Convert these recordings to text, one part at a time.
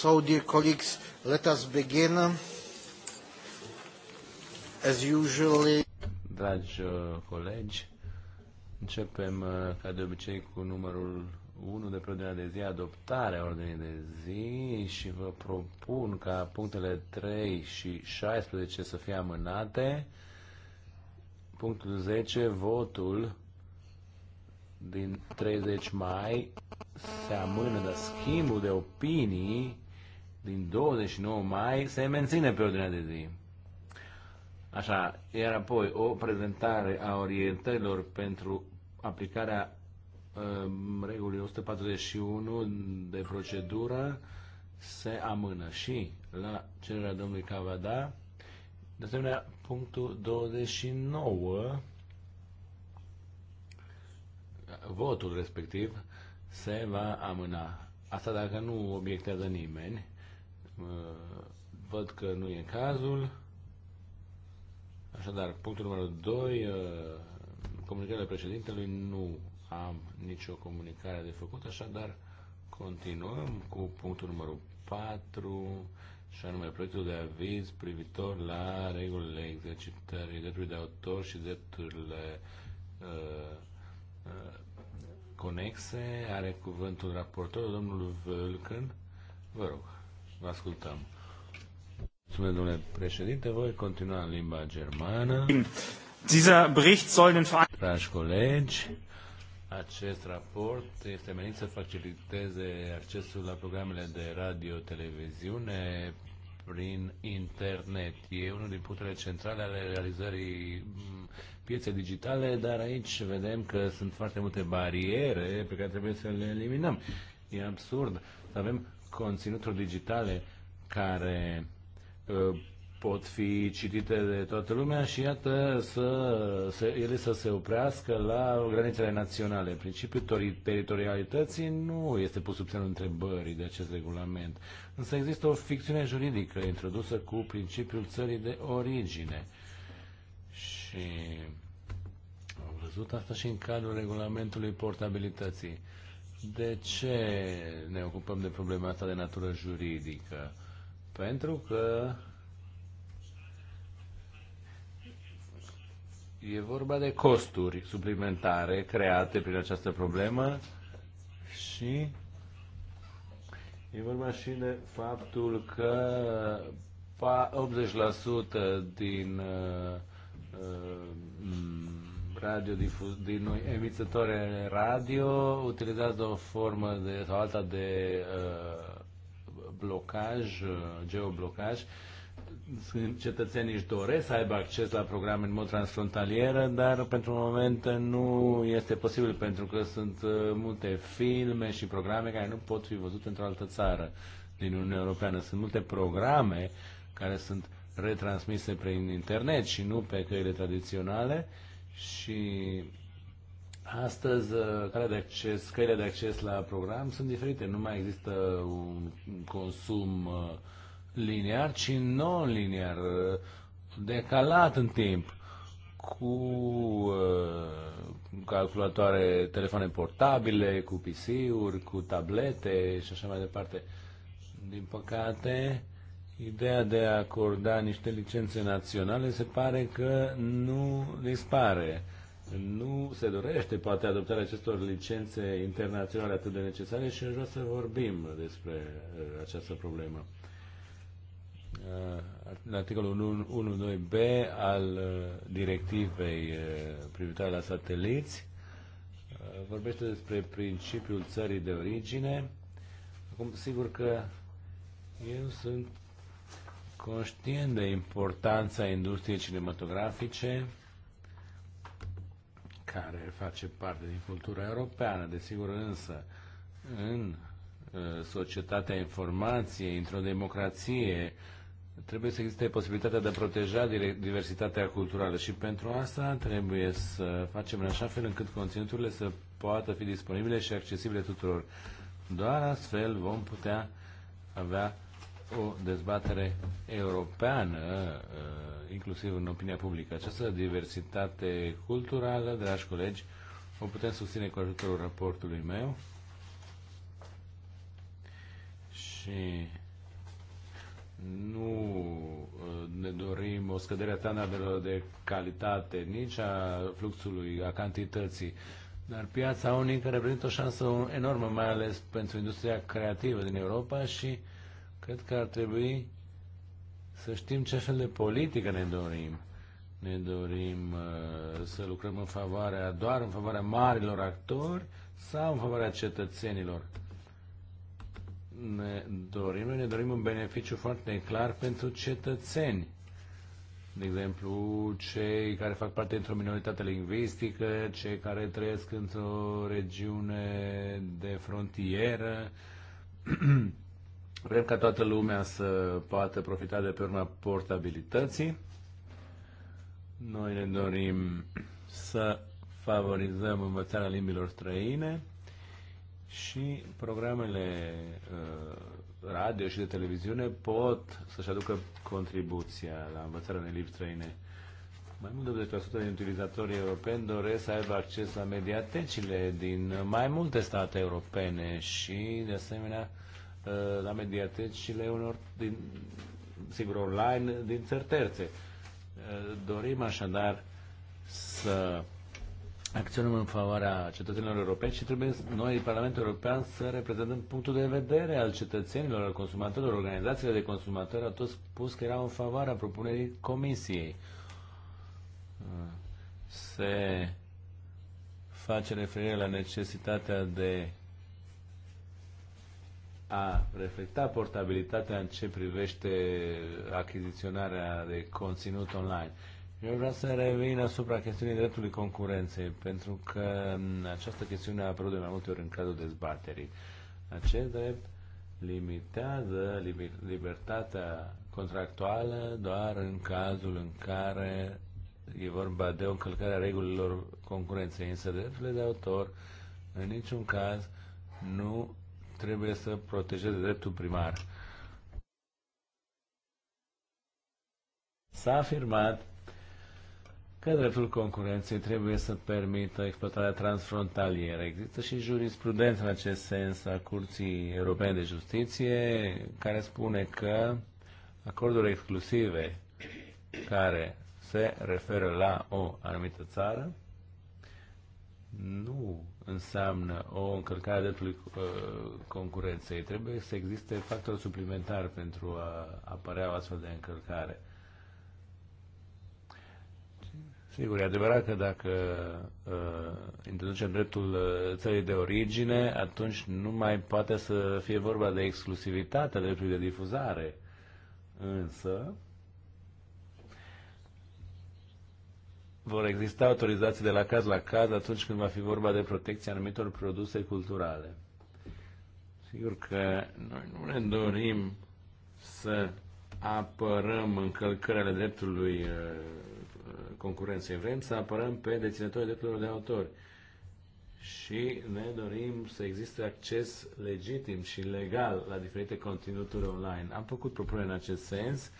So, dear colleagues, let us begin. As usually... Dragi uh, colegi, începem uh, ca de obicei cu numărul 1 de pe de zi, adoptarea ordinii de zi și vă propun ca punctele 3 și 16 să fie amânate. Punctul 10, votul din 30 mai se amână, dar schimbul de opinii din 29 mai se menține pe ordinea de zi. Așa, iar apoi o prezentare a orientărilor pentru aplicarea um, regulii 141 de procedură se amână și la cererea domnului Cavada, de asemenea, punctul 29, votul respectiv, se va amâna. Asta dacă nu obiectează nimeni. Văd că nu e cazul. Așadar, punctul numărul 2, uh, comunicarea președintelui, nu am nicio comunicare de făcut, așadar continuăm cu punctul numărul 4, și anume proiectul de aviz privitor la regulile exercitării dreptului de autor și drepturile uh, uh, conexe. Are cuvântul raportorul, domnul Völken. Vă rog. Vă ascultăm. Mulțumesc, domnule președinte. Voi continua în limba germană. Dieser Bericht soll den Dragi colegi, acest raport este menit să faciliteze accesul la programele de radio-televiziune prin internet. E unul din punctele centrale ale realizării mm, piețe digitale, dar aici vedem că sunt foarte multe bariere pe care trebuie să le eliminăm. E absurd să avem conținuturi digitale care uh, pot fi citite de toată lumea și iată să, să ele să se oprească la granițele naționale. Principiul teritorialității nu este pus sub semnul întrebării de acest regulament. Însă există o ficțiune juridică introdusă cu principiul țării de origine. Și am văzut asta și în cadrul regulamentului portabilității. Uh, de ce ne ocupăm de problema asta de natură juridică? Pentru că e vorba de costuri suplimentare create prin această problemă și e vorba și de faptul că 80% din uh, uh, radio din emițătoare radio utilizează o formă de, sau alta de uh, blocaj, uh, geoblocaj. Cetățenii își doresc să aibă acces la programe în mod transfrontalier, dar pentru moment nu este posibil pentru că sunt uh, multe filme și programe care nu pot fi văzute într-o altă țară din Uniunea Europeană. Sunt multe programe care sunt retransmise prin internet și nu pe căile tradiționale și Astăzi, uh, care de acces, căile de acces la program sunt diferite. Nu mai există un consum uh, linear, ci non-linear, uh, decalat în timp, cu calculatoare, telefoane portabile, cu PC-uri, cu tablete și așa mai departe. Din păcate, ideea de a acorda niște licențe naționale se pare că nu dispare. Nu se dorește poate adoptarea acestor licențe internaționale atât de necesare și aș vrea să vorbim despre uh, această problemă. În uh, articolul 1.2b al uh, directivei privitoare la sateliți vorbește despre principiul țării de origine. Acum, sigur că eu sunt Conștient de importanța industriei cinematografice, care face parte din cultura europeană, desigur însă, în uh, societatea informației, într-o democrație, trebuie să existe posibilitatea de a proteja diversitatea culturală și pentru asta trebuie să facem în așa fel încât conținuturile să poată fi disponibile și accesibile tuturor. Doar astfel vom putea avea o dezbatere europeană, uh, inclusiv în opinia publică. Această diversitate culturală, dragi colegi, o putem susține cu ajutorul raportului meu și nu uh, ne dorim o scădere a standardelor de calitate, nici a fluxului, a cantității, dar piața unică reprezintă o șansă enormă, mai ales pentru industria creativă din Europa și Cred că ar trebui să știm ce fel de politică ne dorim. Ne dorim uh, să lucrăm în favoarea, doar în favoarea marilor actori sau în favoarea cetățenilor. Ne dorim, ne dorim un beneficiu foarte clar pentru cetățeni de exemplu, cei care fac parte într o minoritate lingvistică, cei care trăiesc într-o regiune de frontieră, Vrem ca toată lumea să poată profita de pe urma portabilității. Noi ne dorim să favorizăm învățarea limbilor străine și programele uh, radio și de televiziune pot să-și aducă contribuția la învățarea unei limbi străine. Mai mult de 80% din utilizatorii europeni doresc să aibă acces la mediatecile din mai multe state europene și, de asemenea, la mediatecile unor, din, sigur, online din țări terțe. Dorim așadar să acționăm în favoarea cetățenilor europeni și trebuie noi, Parlamentul European, să reprezentăm punctul de vedere al cetățenilor, al consumatorilor. Organizațiile de consumatori au tot spus că erau în favoarea propunerii Comisiei. Se face referire la necesitatea de a reflecta portabilitatea în ce privește achiziționarea de conținut online. Eu vreau să revin asupra chestiunii dreptului concurenței, pentru că această chestiune a apărut de mai multe ori în cadrul dezbaterii. Acest drept limitează libertatea contractuală doar în cazul în care e vorba de o încălcare a regulilor concurenței, însă drepturile de autor în niciun caz nu trebuie să protejeze dreptul primar. S-a afirmat că dreptul concurenței trebuie să permită exploatarea transfrontalieră. Există și jurisprudență în acest sens a Curții Europene de Justiție, care spune că acorduri exclusive care se referă la o anumită țară nu înseamnă o încălcare a dreptului uh, concurenței. Trebuie să existe factori suplimentari pentru a apărea o astfel de încălcare. Sigur, e adevărat că dacă uh, introducem dreptul uh, țării de origine, atunci nu mai poate să fie vorba de exclusivitatea dreptului de difuzare. Însă, vor exista autorizații de la caz la caz atunci când va fi vorba de protecția anumitor produse culturale. Sigur că noi nu ne dorim să apărăm încălcările dreptului uh, uh, concurenței. Vrem să apărăm pe deținătorii drepturilor de autor. Și ne dorim să existe acces legitim și legal la diferite conținuturi online. Am făcut propuneri în acest sens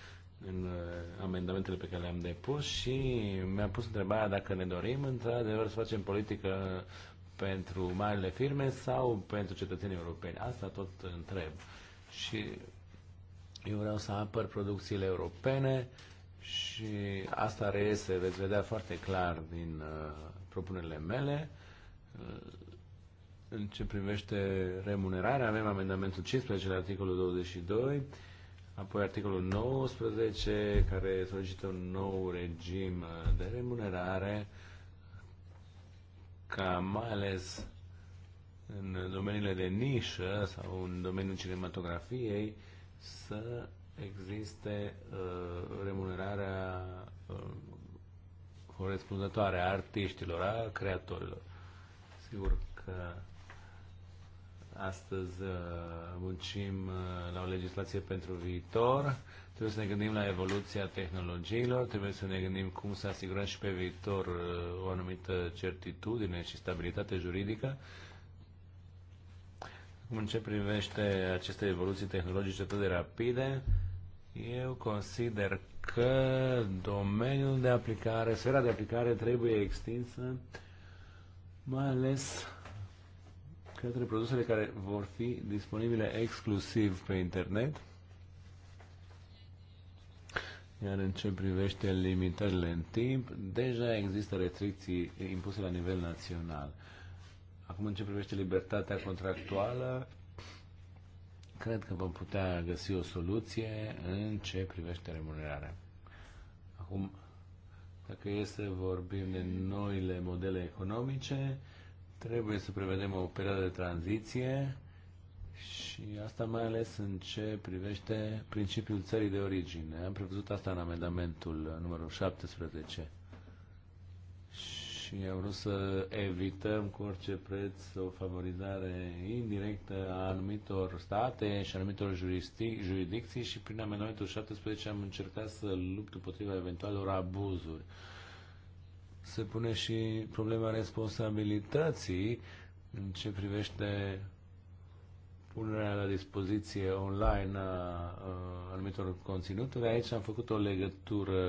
în uh, amendamentele pe care le-am depus și mi-am pus întrebarea dacă ne dorim într-adevăr să facem politică pentru marile firme sau pentru cetățenii europeni. Asta tot întreb. Și eu vreau să apăr producțiile europene și asta reiese, veți vedea foarte clar din uh, propunerile mele. Uh, în ce privește remunerarea, avem amendamentul 15 la articolul 22 Apoi articolul 19, care solicită un nou regim de remunerare, ca mai ales în domeniile de nișă sau în domeniul cinematografiei să existe uh, remunerarea uh, corespunzătoare a artiștilor, a creatorilor. Sigur că Astăzi uh, muncim uh, la o legislație pentru viitor. Trebuie să ne gândim la evoluția tehnologiilor, trebuie să ne gândim cum să asigurăm și pe viitor uh, o anumită certitudine și stabilitate juridică. în ce privește aceste evoluții tehnologice atât de rapide, eu consider că domeniul de aplicare, sfera de aplicare trebuie extinsă, mai ales către produsele care vor fi disponibile exclusiv pe internet. Iar în ce privește limitările în timp, deja există restricții impuse la nivel național. Acum, în ce privește libertatea contractuală, cred că vom putea găsi o soluție în ce privește remunerarea. Acum, dacă este să vorbim de noile modele economice, uh, Trebuie să prevedem o perioadă de tranziție și asta mai ales în ce privește principiul țării de origine. Am prevăzut asta în amendamentul numărul 17. Și am vrut să evităm cu orice preț o favorizare indirectă a anumitor state și anumitor juridicții și prin amendamentul 17 am încercat să lupt împotriva eventualelor abuzuri se pune și problema responsabilității în ce privește punerea la dispoziție online a, a anumitor conținuturi. Aici am făcut o legătură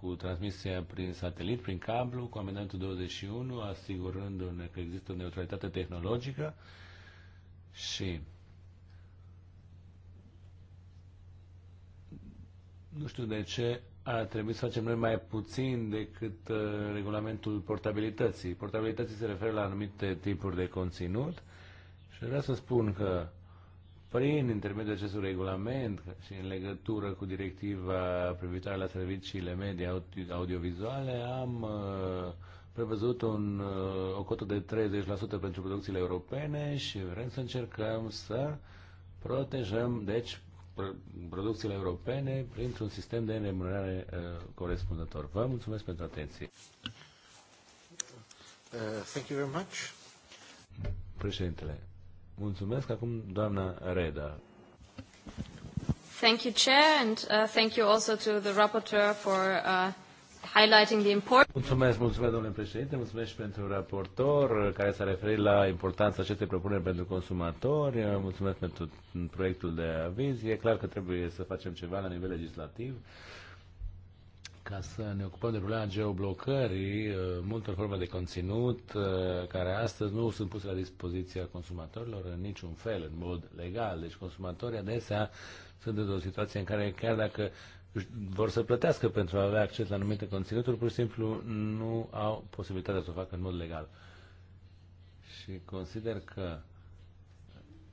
cu transmisia prin satelit, prin cablu, cu amendamentul 21, asigurându-ne că există o neutralitate tehnologică și nu știu de ce a trebuit să facem noi mai puțin decât uh, regulamentul portabilității. Portabilității se referă la anumite tipuri de conținut și vreau să spun că prin intermediul acestui regulament și în legătură cu directiva privitoare la serviciile media audiovizuale am uh, prevăzut un, uh, o cotă de 30% pentru producțiile europene și vrem să încercăm să protejăm, deci, producțiile europene printr-un sistem de remunerare uh, corespunzător. Vă mulțumesc pentru atenție. Uh, thank you very much. Președintele, mulțumesc. Acum doamna Reda. Thank you, Chair, and uh, thank you also to the rapporteur for uh, highlighting the importance. Mulțumesc, mulțumesc, domnule președinte, mulțumesc și pentru raportor care s-a referit la importanța acestei propuneri pentru consumatori, mulțumesc pentru proiectul de aviz. E clar că trebuie să facem ceva la nivel legislativ ca să ne ocupăm de problema geoblocării multor forme de conținut care astăzi nu sunt puse la dispoziția consumatorilor în niciun fel, în mod legal. Deci consumatorii adesea sunt într-o situație în care chiar dacă vor să plătească pentru a avea acces la anumite conținuturi, pur și simplu nu au posibilitatea să o facă în mod legal. Și consider că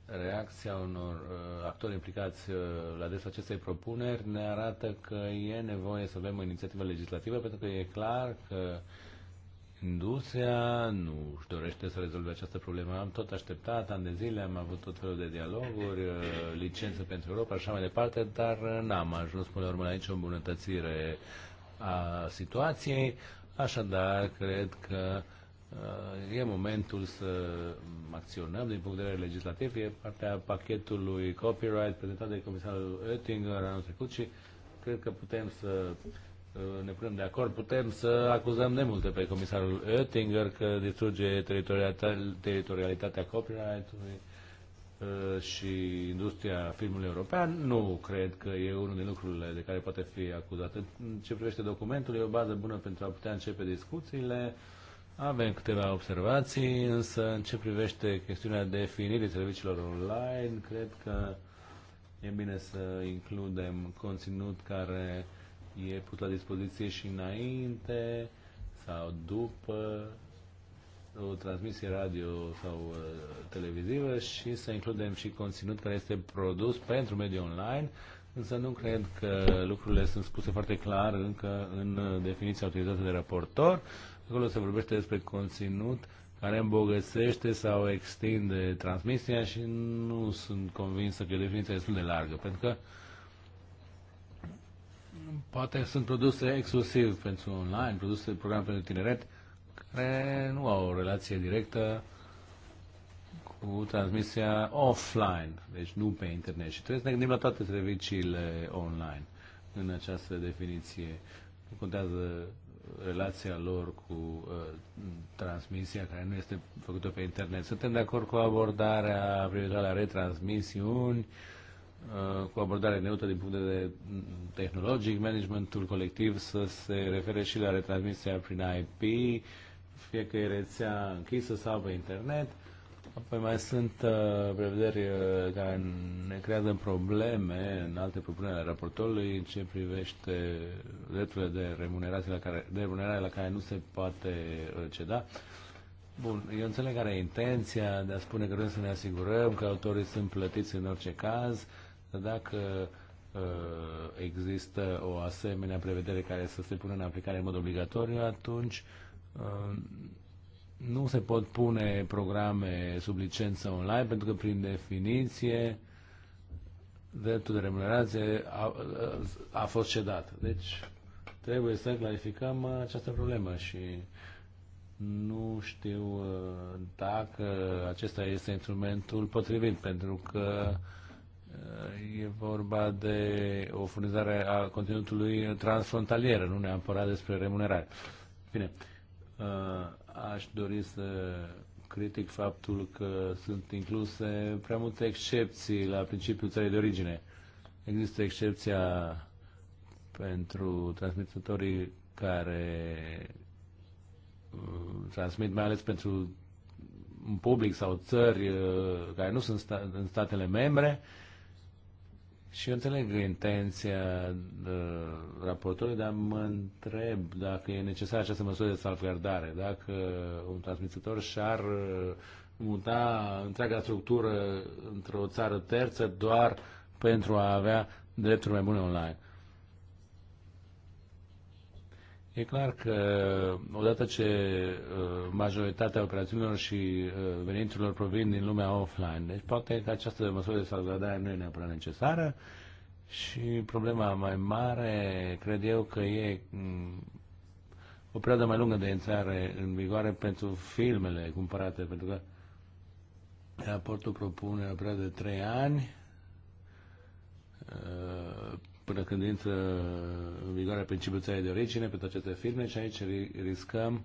reacția unor uh, actori implicați uh, la des acestei propuneri ne arată că e nevoie să avem o inițiativă legislativă, pentru că e clar că uh, Industria nu își dorește să rezolve această problemă. Am tot așteptat, ani de zile, am avut tot felul de dialoguri, uh, licență pentru Europa, așa mai departe, dar uh, n-am ajuns până la urmă la nicio îmbunătățire a situației. Așadar, cred că uh, e momentul să acționăm din punct de vedere legislativ. E partea pachetului copyright prezentat de comisarul Oettinger anul trecut și cred că putem să Ă, ne punem de acord, putem să acuzăm de multe pe comisarul Oettinger că distruge teritorialitatea copyright-ului ă, și industria filmului european. Nu cred că e unul din lucrurile de care poate fi acuzat. În ce privește documentul, e o bază bună pentru a putea începe discuțiile. Avem câteva observații, însă în ce privește chestiunea definirii serviciilor online, cred că e bine să includem conținut care e pus la dispoziție și înainte sau după o transmisie radio sau uh, televizivă și să includem și conținut care este produs pentru mediul online, însă nu cred că lucrurile sunt spuse foarte clar încă în uh, definiția autorizată de raportor. Acolo se vorbește despre conținut care îmbogățește sau extinde transmisia și nu sunt convinsă că definiția este destul de largă, pentru că uh, Poate sunt produse exclusiv pentru online, produse program pentru tineret, care nu au o relație directă cu transmisia offline, deci nu pe internet. Și trebuie să ne gândim la toate serviciile online în această definiție. Nu contează relația lor cu uh, transmisia care nu este făcută pe internet. Suntem de acord cu abordarea privitoare la retransmisiuni, uh, Uh, cu abordare neutră din punct de vedere mm, tehnologic, managementul colectiv să se refere și la retransmisia prin IP, fie că e rețea închisă sau pe internet. Apoi mai sunt uh, prevederi uh, care ne creează probleme în alte propuneri ale raportorului în ce privește drepturile de remunerare la care, de remunerare la care nu se poate uh, ceda. Bun, eu înțeleg care e intenția de a spune că vrem să ne asigurăm că autorii sunt plătiți în orice caz, uh, dacă uh, există o asemenea prevedere care să se pună în aplicare în mod obligatoriu, atunci uh, nu se pot pune programe sub licență online pentru că prin definiție dreptul de remunerație a, a fost cedat. Deci trebuie să clarificăm această problemă și nu știu uh, dacă acesta este instrumentul potrivit pentru că uh, E vorba de o furnizare a conținutului transfrontalier, nu neapărat despre remunerare. Bine, uh, aș dori să critic faptul că sunt incluse prea multe excepții la principiul țării de origine. Există excepția pentru transmitătorii care uh, transmit mai ales pentru un public sau țări uh, care nu sunt în statele membre, și eu înțeleg intenția uh, raportorului, dar mă întreb dacă e necesară această măsură de salvgardare, dacă un transmisător și-ar uh, muta întreaga structură într-o țară terță doar pentru a avea drepturi mai bune online. E clar că odată ce uh, majoritatea operațiunilor și uh, veniturilor provin din lumea offline, deci poate că această măsură de salvgardare nu e neapărat necesară și problema mai mare cred eu că e mm, o perioadă mai lungă de intrare în vigoare pentru filmele cumpărate, pentru că raportul propune o perioadă de 3 ani uh, până când intră în vigoare principiul țării de origine pentru aceste firme și aici riscăm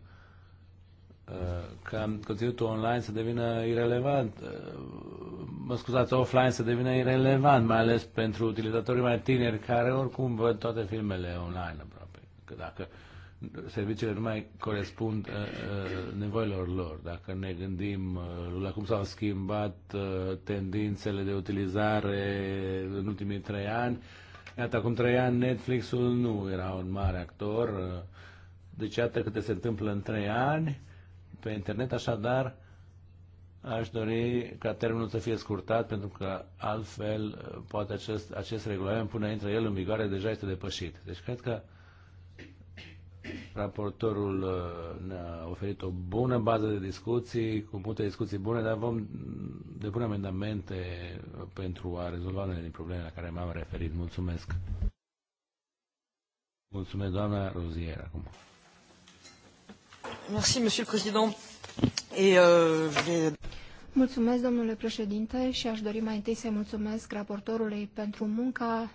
uh, ca conținutul online să devină irelevant, uh, mă scuzați, offline să devină irelevant, mai ales pentru utilizatorii mai tineri care oricum văd toate filmele online aproape. Că dacă serviciile nu mai corespund uh, nevoilor lor. Dacă ne gândim la cum s-au schimbat tendințele de utilizare în ultimii trei ani, Iată, acum trei ani Netflix-ul nu era un mare actor, uh, deci iată câte se întâmplă în trei ani pe internet, așadar aș dori ca termenul să fie scurtat, pentru că altfel uh, poate acest, acest regulament până intră el în vigoare deja este depășit. Deci cred că Raportorul uh, ne-a oferit o bună bază de discuții, cu multe discuții bune, dar vom depune amendamente pentru a rezolva unele din problemele la care m-am referit. Mulțumesc! Mulțumesc, doamna Rozier, acum. Merci, monsieur le président. Et, euh, Mulțumesc, domnule președinte, și aș dori mai întâi să mulțumesc raportorului pentru munca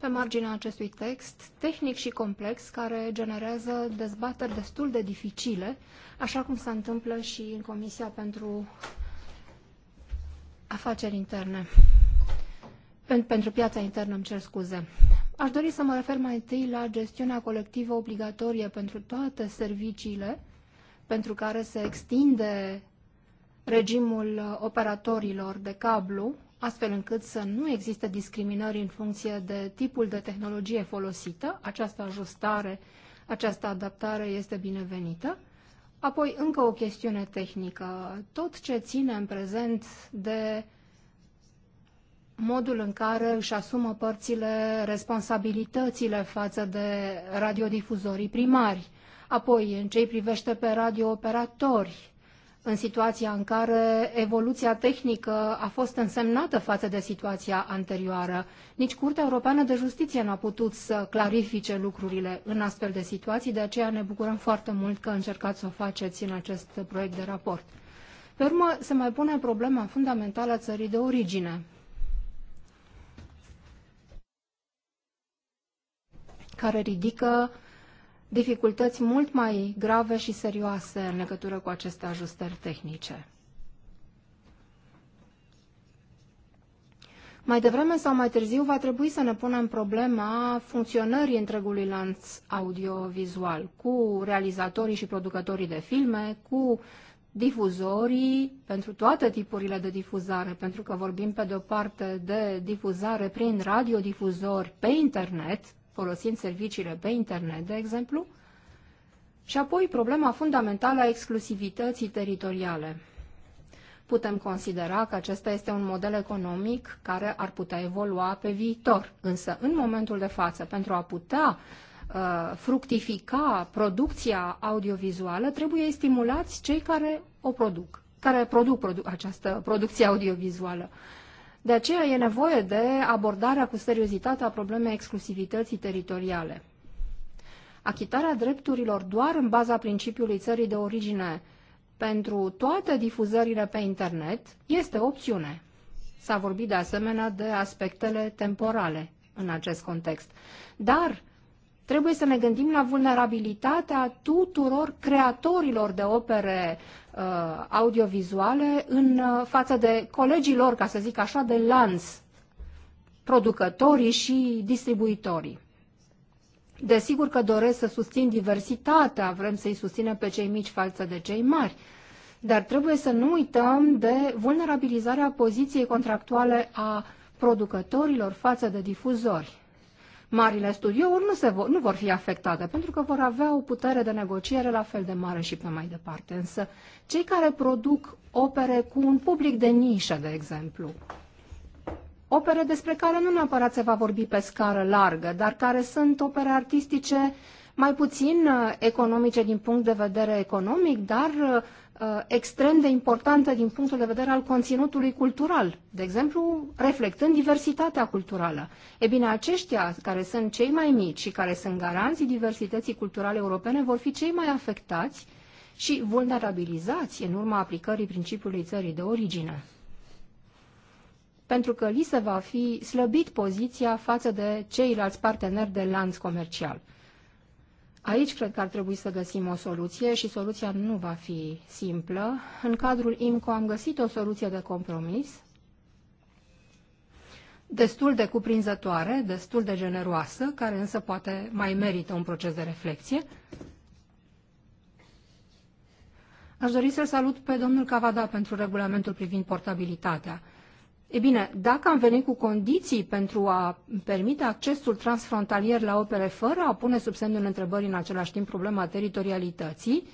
pe marginea acestui text tehnic și complex care generează dezbateri destul de dificile, așa cum se întâmplă și în Comisia pentru Afaceri Interne. Pentru piața internă, îmi cer scuze. Aș dori să mă refer mai întâi la gestiunea colectivă obligatorie pentru toate serviciile pentru care se extinde regimul operatorilor de cablu astfel încât să nu existe discriminări în funcție de tipul de tehnologie folosită. Această ajustare, această adaptare este binevenită. Apoi, încă o chestiune tehnică. Tot ce ține în prezent de modul în care își asumă părțile responsabilitățile față de radiodifuzorii primari, apoi în ce privește pe radiooperatori în situația în care evoluția tehnică a fost însemnată față de situația anterioară. Nici Curtea Europeană de Justiție n-a putut să clarifice lucrurile în astfel de situații, de aceea ne bucurăm foarte mult că încercați să o faceți în acest proiect de raport. Pe urmă, se mai pune problema fundamentală a țării de origine. care ridică uh, dificultăți mult mai grave și serioase în legătură cu aceste ajustări tehnice. Mai devreme sau mai târziu va trebui să ne punem problema funcționării întregului lanț audiovizual cu realizatorii și producătorii de filme, cu difuzorii pentru toate tipurile de difuzare, pentru că vorbim pe de o parte de difuzare prin radiodifuzori pe internet, folosind serviciile pe internet, de exemplu, și apoi problema fundamentală a exclusivității teritoriale. Putem considera că acesta este un model economic care ar putea evolua pe viitor, însă în momentul de față, pentru a putea uh, fructifica producția audiovizuală, trebuie stimulați cei care o produc, care produc produ- această producție audiovizuală. De aceea e nevoie de abordarea cu seriozitate a problemei exclusivității teritoriale. Achitarea drepturilor doar în baza principiului țării de origine pentru toate difuzările pe internet este opțiune. S-a vorbit de asemenea de aspectele temporale în acest context. Dar trebuie să ne gândim la vulnerabilitatea tuturor creatorilor de opere Uh, audiovizuale în uh, față de colegii lor, ca să zic așa, de lanț, producătorii și distribuitorii. Desigur că doresc să susțin diversitatea, vrem să-i susținem pe cei mici față de cei mari, dar trebuie să nu uităm de vulnerabilizarea poziției contractuale a producătorilor față de difuzori. Marile studiouri nu, se vor, nu vor fi afectate, pentru că vor avea o putere de negociere la fel de mare și pe mai departe. Însă, cei care produc opere cu un public de nișă, de exemplu, opere despre care nu neapărat se va vorbi pe scară largă, dar care sunt opere artistice mai puțin uh, economice din punct de vedere economic, dar uh, Uh, extrem de importantă din punctul de vedere al conținutului cultural, de exemplu, reflectând diversitatea culturală. E bine, aceștia care sunt cei mai mici și care sunt garanții diversității culturale europene vor fi cei mai afectați și vulnerabilizați în urma aplicării principiului țării de origine. Pentru că li se va fi slăbit poziția față de ceilalți parteneri de lanț comercial. Aici cred că ar trebui să găsim o soluție și soluția nu va fi simplă. În cadrul IMCO am găsit o soluție de compromis destul de cuprinzătoare, destul de generoasă, care însă poate mai merită un proces de reflexie. Aș dori să salut pe domnul Cavada pentru regulamentul privind portabilitatea. E bine, dacă am venit cu condiții pentru a permite accesul transfrontalier la opere fără a pune sub semnul întrebării în același timp problema teritorialității,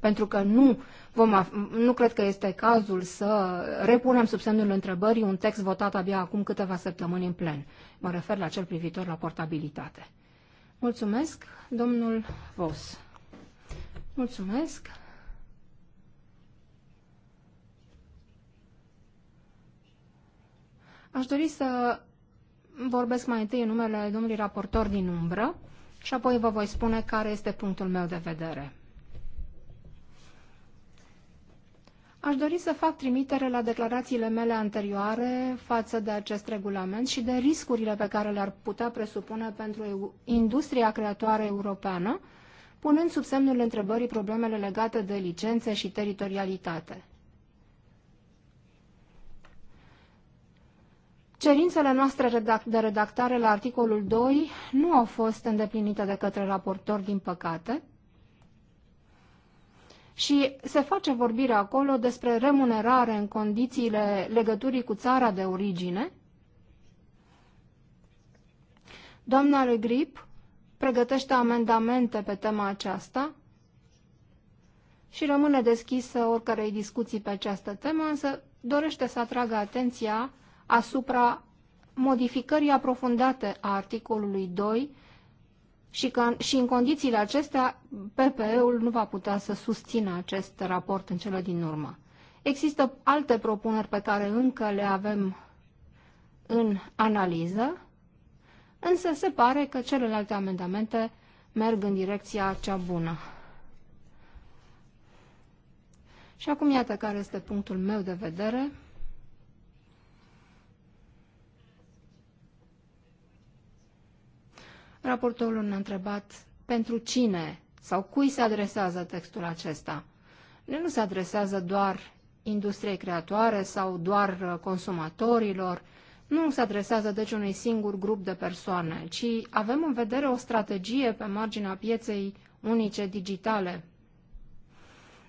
pentru că nu, vom nu cred că este cazul să repunem sub semnul întrebării un text votat abia acum câteva săptămâni în plen. Mă refer la cel privitor la portabilitate. Mulțumesc, domnul Vos. Mulțumesc. Aș dori să vorbesc mai întâi în numele domnului raportor din umbră și apoi vă voi spune care este punctul meu de vedere. Aș dori să fac trimitere la declarațiile mele anterioare față de acest regulament și de riscurile pe care le-ar putea presupune pentru industria creatoare europeană, punând sub semnul întrebării problemele legate de licențe și teritorialitate. Cerințele noastre de redactare la articolul 2 nu au fost îndeplinite de către raportor, din păcate, și se face vorbire acolo despre remunerare în condițiile legăturii cu țara de origine. Doamna Grip pregătește amendamente pe tema aceasta și rămâne deschisă oricărei discuții pe această temă, însă dorește să atragă atenția asupra modificării aprofundate a articolului 2 și, că, și în condițiile acestea PPE-ul nu va putea să susțină acest raport în cele din urmă. Există alte propuneri pe care încă le avem în analiză, însă se pare că celelalte amendamente merg în direcția cea bună. Și acum iată care este punctul meu de vedere. Raportorul ne-a întrebat pentru cine sau cui se adresează textul acesta. Nu se adresează doar industriei creatoare sau doar uh, consumatorilor, nu se adresează deci unui singur grup de persoane, ci avem în vedere o strategie pe marginea pieței unice digitale.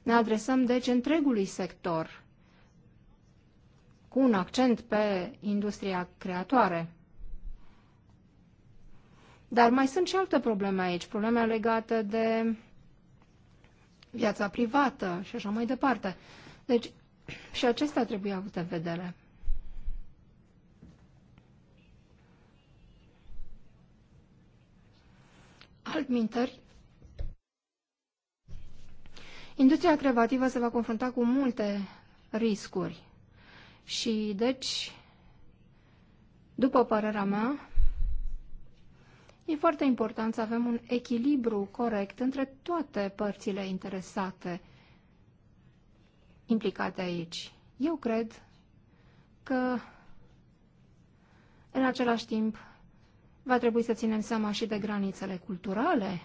Ne adresăm deci întregului sector, cu un accent pe industria creatoare. Dar mai sunt și alte probleme aici, probleme legate de viața privată și așa mai departe. Deci, și acestea trebuie avute în vedere. mintări. industria creativă se va confrunta cu multe riscuri și, deci, după părerea mea, E foarte important să avem un echilibru corect între toate părțile interesate implicate aici. Eu cred că în același timp va trebui să ținem seama și de granițele culturale.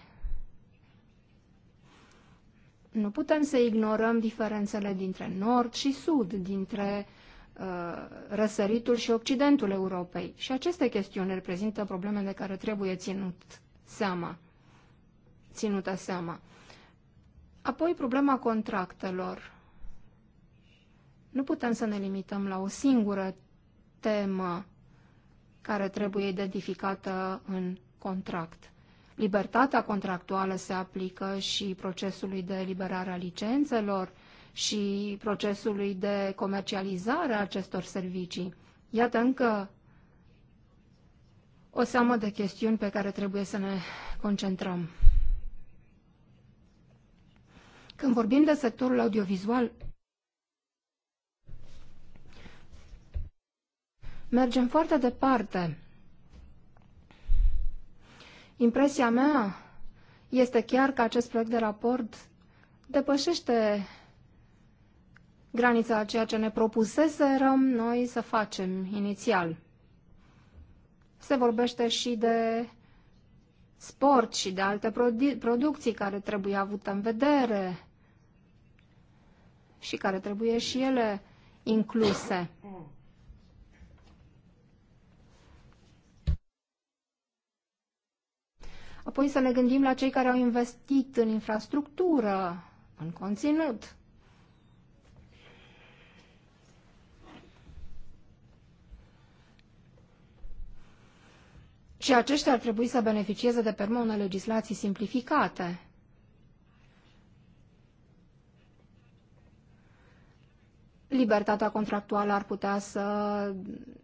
Nu putem să ignorăm diferențele dintre nord și sud, dintre uh, Uh, răsăritul și Occidentul Europei. Și aceste chestiuni reprezintă probleme de care trebuie ținut seama, ținută seama. Apoi problema contractelor. Nu putem să ne limităm la o singură temă care trebuie identificată în contract. Libertatea contractuală se aplică și procesului de eliberare a licențelor, și procesului de comercializare a acestor servicii. Iată încă o seamă de chestiuni pe care trebuie să ne concentrăm. Când vorbim de sectorul audiovizual, mergem foarte departe. Impresia mea este chiar că acest proiect de raport depășește granița a ceea ce ne propuseserăm noi să facem inițial. Se vorbește și de sport și de alte produ producții care trebuie avută în vedere și care trebuie și ele incluse. Apoi să ne gândim la cei care au investit în infrastructură, în conținut. și aceștia ar trebui să beneficieze de pe urmă unei legislații simplificate. Libertatea contractuală ar putea să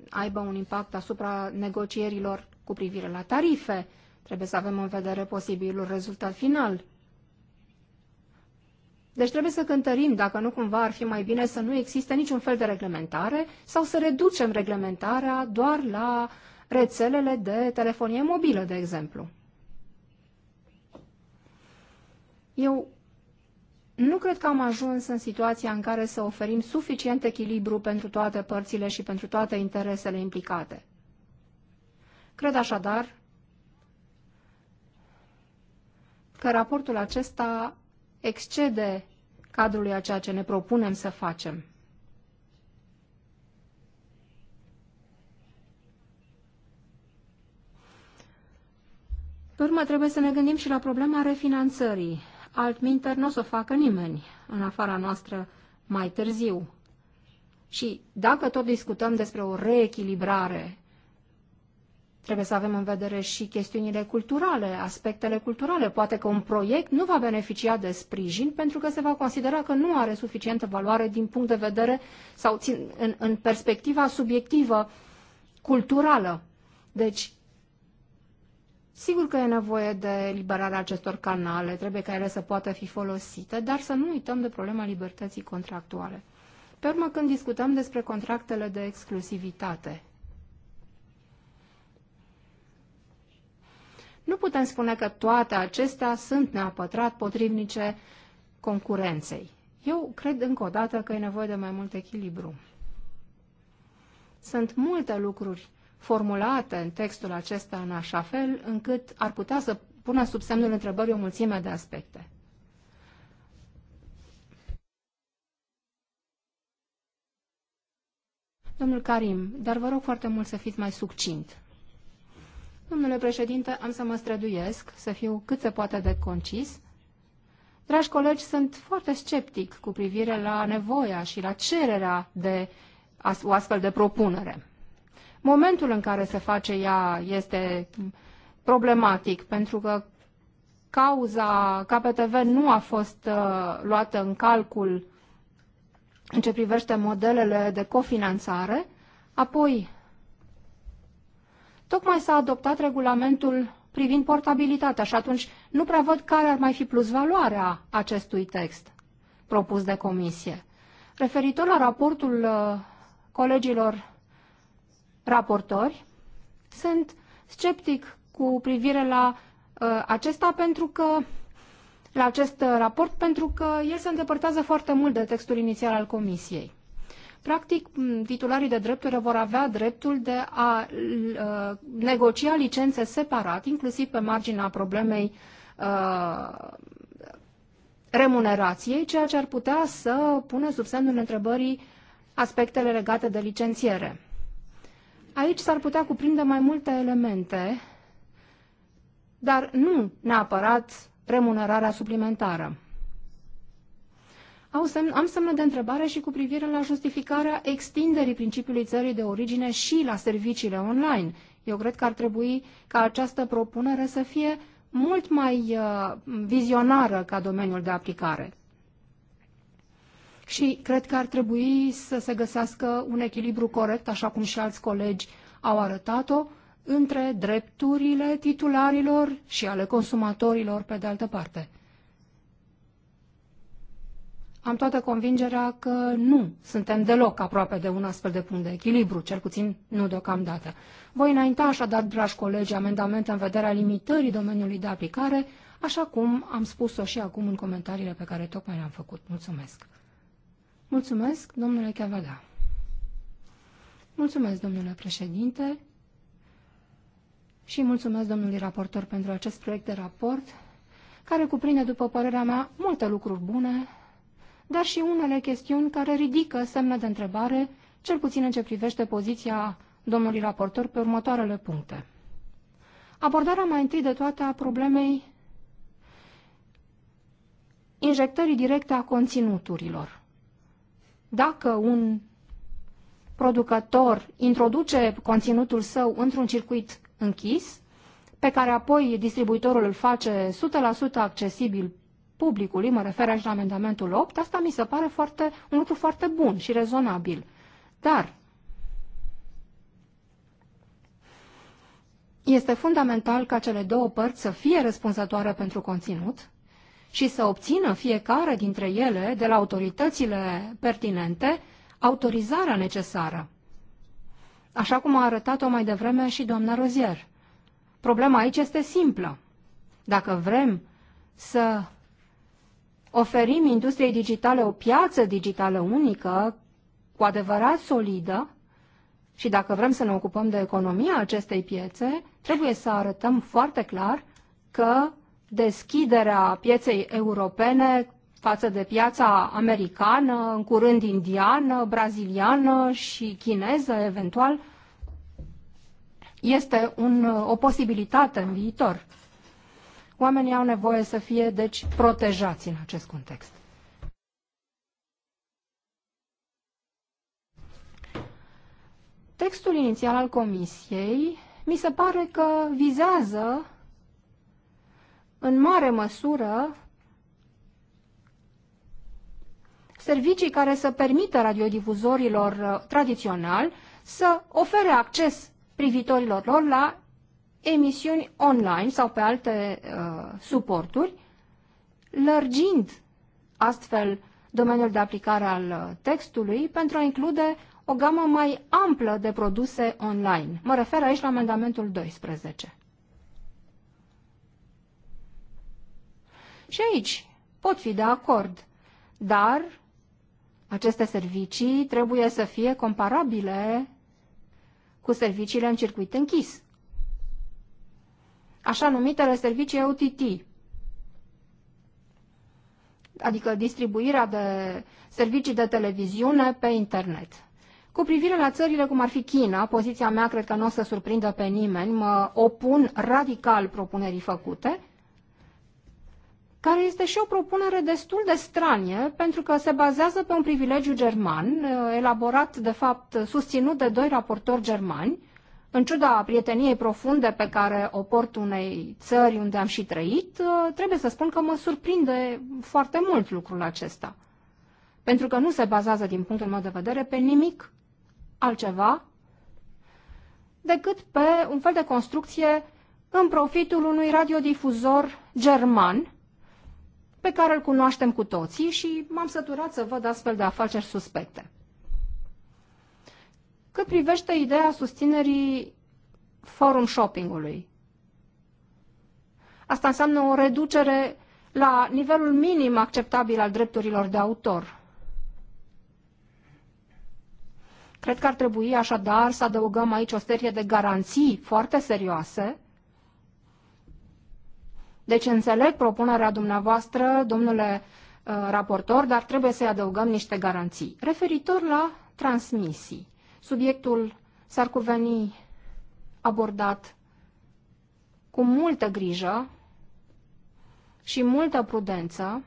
aibă un impact asupra negocierilor cu privire la tarife. Trebuie să avem în vedere posibilul rezultat final. Deci trebuie să cântărim dacă nu cumva ar fi mai bine să nu existe niciun fel de reglementare sau să reducem reglementarea doar la uh, rețelele de telefonie mobilă, de exemplu. Eu nu cred că am ajuns în situația în care să oferim suficient echilibru pentru toate părțile și pentru toate interesele implicate. Cred așadar că raportul acesta excede cadrul a ceea ce ne propunem să facem. Pe urmă, trebuie să ne gândim și la problema refinanțării. Altminteri nu o să facă nimeni în afara noastră mai târziu. Și dacă tot discutăm despre o reechilibrare, trebuie să avem în vedere și chestiunile culturale, aspectele culturale. Poate că un proiect nu va beneficia de sprijin pentru că se va considera că nu are suficientă valoare din punct de vedere sau țin, în, în perspectiva subiectivă culturală. Deci, Sigur că e nevoie de liberarea acestor canale, trebuie ca ele să poată fi folosite, dar să nu uităm de problema libertății contractuale. Pe urmă, când discutăm despre contractele de exclusivitate, nu putem spune că toate acestea sunt neapătrat potrivnice concurenței. Eu cred încă o dată că e nevoie de mai mult echilibru. Sunt multe lucruri formulate în textul acesta în așa fel încât ar putea să pună sub semnul întrebării o mulțime de aspecte. Domnul Karim, dar vă rog foarte mult să fiți mai succint. Domnule președinte, am să mă străduiesc, să fiu cât se poate de concis. Dragi colegi, sunt foarte sceptic cu privire la nevoia și la cererea de o astfel de propunere. Momentul în care se face ea este problematic, pentru că cauza KPTV nu a fost uh, luată în calcul în ce privește modelele de cofinanțare. Apoi, tocmai s-a adoptat regulamentul privind portabilitatea și atunci nu prea văd care ar mai fi plus valoarea acestui text propus de comisie. Referitor la raportul uh, colegilor raportori. Sunt sceptic cu privire la uh, acesta pentru că la acest raport pentru că el se îndepărtează foarte mult de textul inițial al Comisiei. Practic, titularii de drepturi vor avea dreptul de a uh, negocia licențe separat, inclusiv pe marginea problemei uh, remunerației, ceea ce ar putea să pună sub semnul întrebării aspectele legate de licențiere. Aici s-ar putea cuprinde mai multe elemente, dar nu neapărat remunerarea suplimentară. Au semn, am semnă de întrebare și cu privire la justificarea extinderii principiului țării de origine și la serviciile online. Eu cred că ar trebui ca această propunere să fie mult mai uh, vizionară ca domeniul de aplicare și cred că ar trebui să se găsească un echilibru corect, așa cum și alți colegi au arătat-o, între drepturile titularilor și ale consumatorilor, pe de altă parte. Am toată convingerea că nu suntem deloc aproape de un astfel de punct de echilibru, cel puțin nu deocamdată. Voi înainta așadar, dragi colegi, amendamente în vederea limitării domeniului de aplicare, așa cum am spus-o și acum în comentariile pe care tocmai le-am făcut. Mulțumesc! Mulțumesc, domnule Cavada. Mulțumesc, domnule președinte, și mulțumesc domnului raportor pentru acest proiect de raport, care cuprinde, după părerea mea, multe lucruri bune, dar și unele chestiuni care ridică semne de întrebare, cel puțin în ce privește poziția domnului raportor pe următoarele puncte. Abordarea mai întâi de toate a problemei injectării directe a conținuturilor dacă un producător introduce conținutul său într-un circuit închis, pe care apoi distribuitorul îl face 100% accesibil publicului, mă refer aici la amendamentul 8, asta mi se pare foarte, un lucru foarte bun și rezonabil. Dar este fundamental ca cele două părți să fie răspunzătoare pentru conținut și să obțină fiecare dintre ele de la autoritățile pertinente autorizarea necesară. Așa cum a arătat-o mai devreme și doamna Rozier. Problema aici este simplă. Dacă vrem să oferim industriei digitale o piață digitală unică, cu adevărat solidă, și dacă vrem să ne ocupăm de economia acestei piețe, trebuie să arătăm foarte clar că deschiderea pieței europene față de piața americană, în curând indiană, braziliană și chineză, eventual, este un, o posibilitate în viitor. Oamenii au nevoie să fie, deci, protejați în acest context. Textul inițial al Comisiei mi se pare că vizează în mare măsură, servicii care să permită radiodifuzorilor uh, tradițional să ofere acces privitorilor lor la emisiuni online sau pe alte uh, suporturi, lărgind astfel domeniul de aplicare al uh, textului pentru a include o gamă mai amplă de produse online. Mă refer aici la amendamentul 12. Și aici pot fi de acord, dar aceste servicii trebuie să fie comparabile cu serviciile în circuit închis, așa numitele servicii OTT, adică distribuirea de servicii de televiziune pe internet. Cu privire la țările cum ar fi China, poziția mea cred că nu o să surprindă pe nimeni, mă opun radical propunerii făcute, care este și o propunere destul de stranie, pentru că se bazează pe un privilegiu german, uh, elaborat, de fapt, susținut de doi raportori germani, în ciuda prieteniei profunde pe care o port unei țări unde am și trăit, uh, trebuie să spun că mă surprinde foarte mult lucrul acesta. Pentru că nu se bazează, din punctul meu de vedere, pe nimic altceva decât pe un fel de construcție în profitul unui radiodifuzor german, pe care îl cunoaștem cu toții și m-am săturat să văd astfel de afaceri suspecte. Cât privește ideea susținerii forum shoppingului, asta înseamnă o reducere la nivelul minim acceptabil al drepturilor de autor. Cred că ar trebui așadar să adăugăm aici o serie de garanții foarte serioase deci înțeleg propunerea dumneavoastră, domnule uh, raportor, dar trebuie să-i adăugăm niște garanții. Referitor la transmisii, subiectul s-ar cuveni abordat cu multă grijă și multă prudență,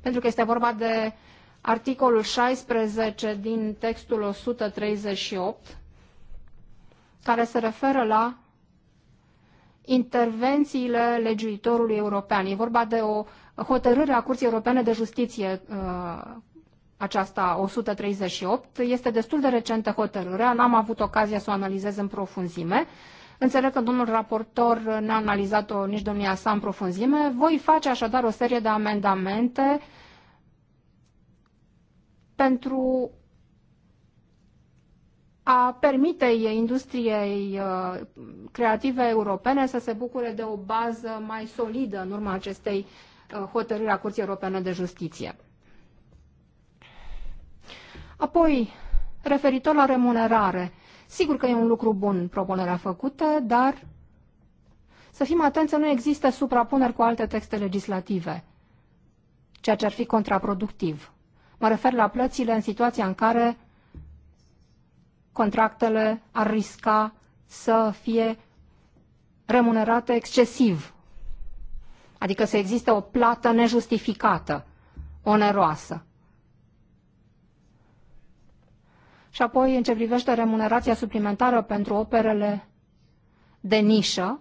pentru că este vorba de articolul 16 din textul 138, care se referă la intervențiile legiuitorului european. E vorba de o hotărâre a Curții Europene de Justiție uh, aceasta 138. Este destul de recentă hotărârea, n-am avut ocazia să o analizez în profunzime. Înțeleg că domnul raportor n-a analizat-o nici domnia sa în profunzime. Voi face așadar o serie de amendamente pentru a permite industriei uh, creative europene să se bucure de o bază mai solidă în urma acestei uh, hotărâri a Curții Europene de Justiție. Apoi, referitor la remunerare, sigur că e un lucru bun propunerea făcută, dar să fim atenți să nu există suprapuneri cu alte texte legislative, ceea ce ar fi contraproductiv. Mă refer la plățile în situația în care contractele ar risca să fie remunerate excesiv, adică să existe o plată nejustificată, oneroasă. Și apoi, în ce privește remunerația suplimentară pentru operele de nișă,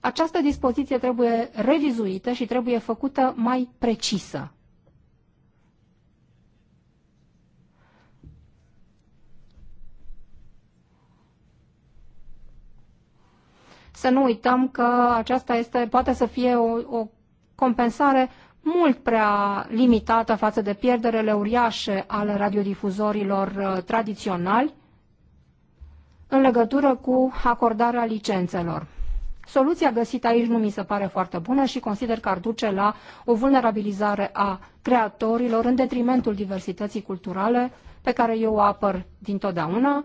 această dispoziție trebuie revizuită și trebuie făcută mai precisă. să nu uităm că aceasta este, poate să fie o, o compensare mult prea limitată față de pierderele uriașe ale radiodifuzorilor uh, tradiționali în legătură cu acordarea licențelor. Soluția găsită aici nu mi se pare foarte bună și consider că ar duce la o vulnerabilizare a creatorilor în detrimentul diversității culturale pe care eu o apăr dintotdeauna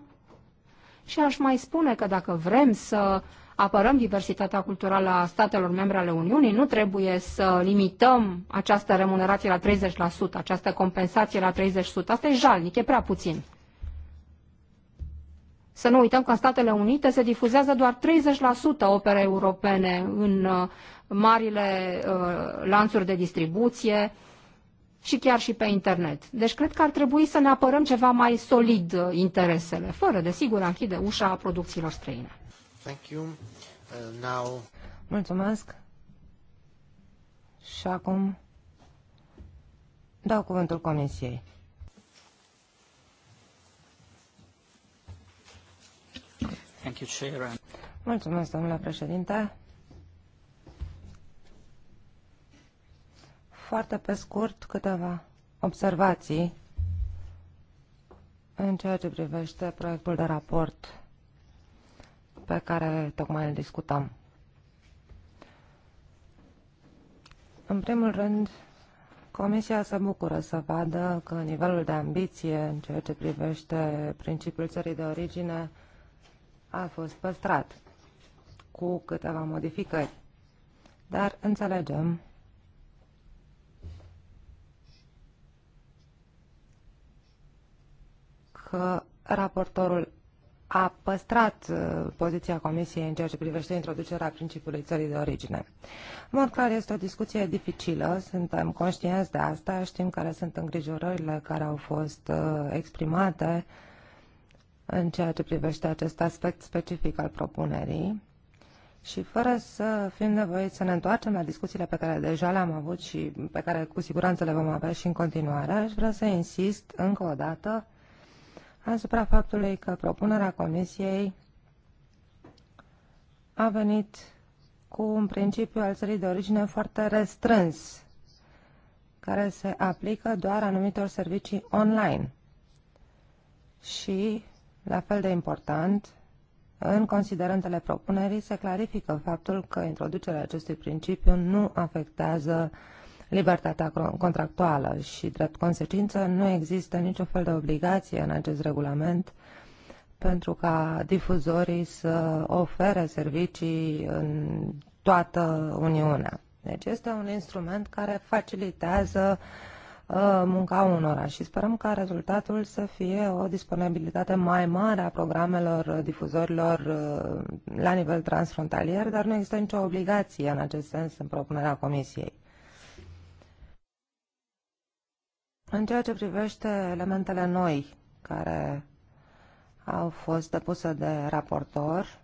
și aș mai spune că dacă vrem să apărăm diversitatea culturală a statelor membre ale Uniunii, nu trebuie să limităm această remunerație la 30%, această compensație la 30%. Asta e jalnic, e prea puțin. Să nu uităm că în Statele Unite se difuzează doar 30% opere europene în uh, marile uh, lanțuri de distribuție și chiar și pe internet. Deci cred că ar trebui să ne apărăm ceva mai solid uh, interesele, fără, desigur, a închide ușa producțiilor străine. Thank you. Uh, now... Mulțumesc. Și acum dau cuvântul Comisiei. Thank you, Chair. Mulțumesc, domnule președinte. Foarte pe scurt câteva observații în ceea ce privește proiectul de raport pe care tocmai îl discutam. În primul rând, Comisia se bucură să vadă că nivelul de ambiție în ceea ce privește principiul țării de origine a fost păstrat cu câteva modificări. Dar înțelegem că raportorul a păstrat uh, poziția Comisiei în ceea ce privește introducerea principiului țării de origine. În mod clar, este o discuție dificilă, suntem conștienți de asta, știm care sunt îngrijorările care au fost uh, exprimate în ceea ce privește acest aspect specific al propunerii. Și fără să fim nevoiți să ne întoarcem la discuțiile pe care deja le-am avut și pe care cu siguranță le vom avea și în continuare, aș vrea să insist încă o dată asupra faptului că propunerea Comisiei a venit cu un principiu al țării de origine foarte restrâns, care se aplică doar anumitor servicii online. Și, la fel de important, în considerentele propunerii se clarifică faptul că introducerea acestui principiu nu afectează libertatea contractuală și, drept consecință, nu există niciun fel de obligație în acest regulament pentru ca difuzorii să ofere servicii în toată Uniunea. Deci este un instrument care facilitează uh, munca unora și sperăm ca rezultatul să fie o disponibilitate mai mare a programelor difuzorilor uh, la nivel transfrontalier, dar nu există nicio obligație în acest sens în propunerea Comisiei. În ceea ce privește elementele noi care au fost depuse de raportor,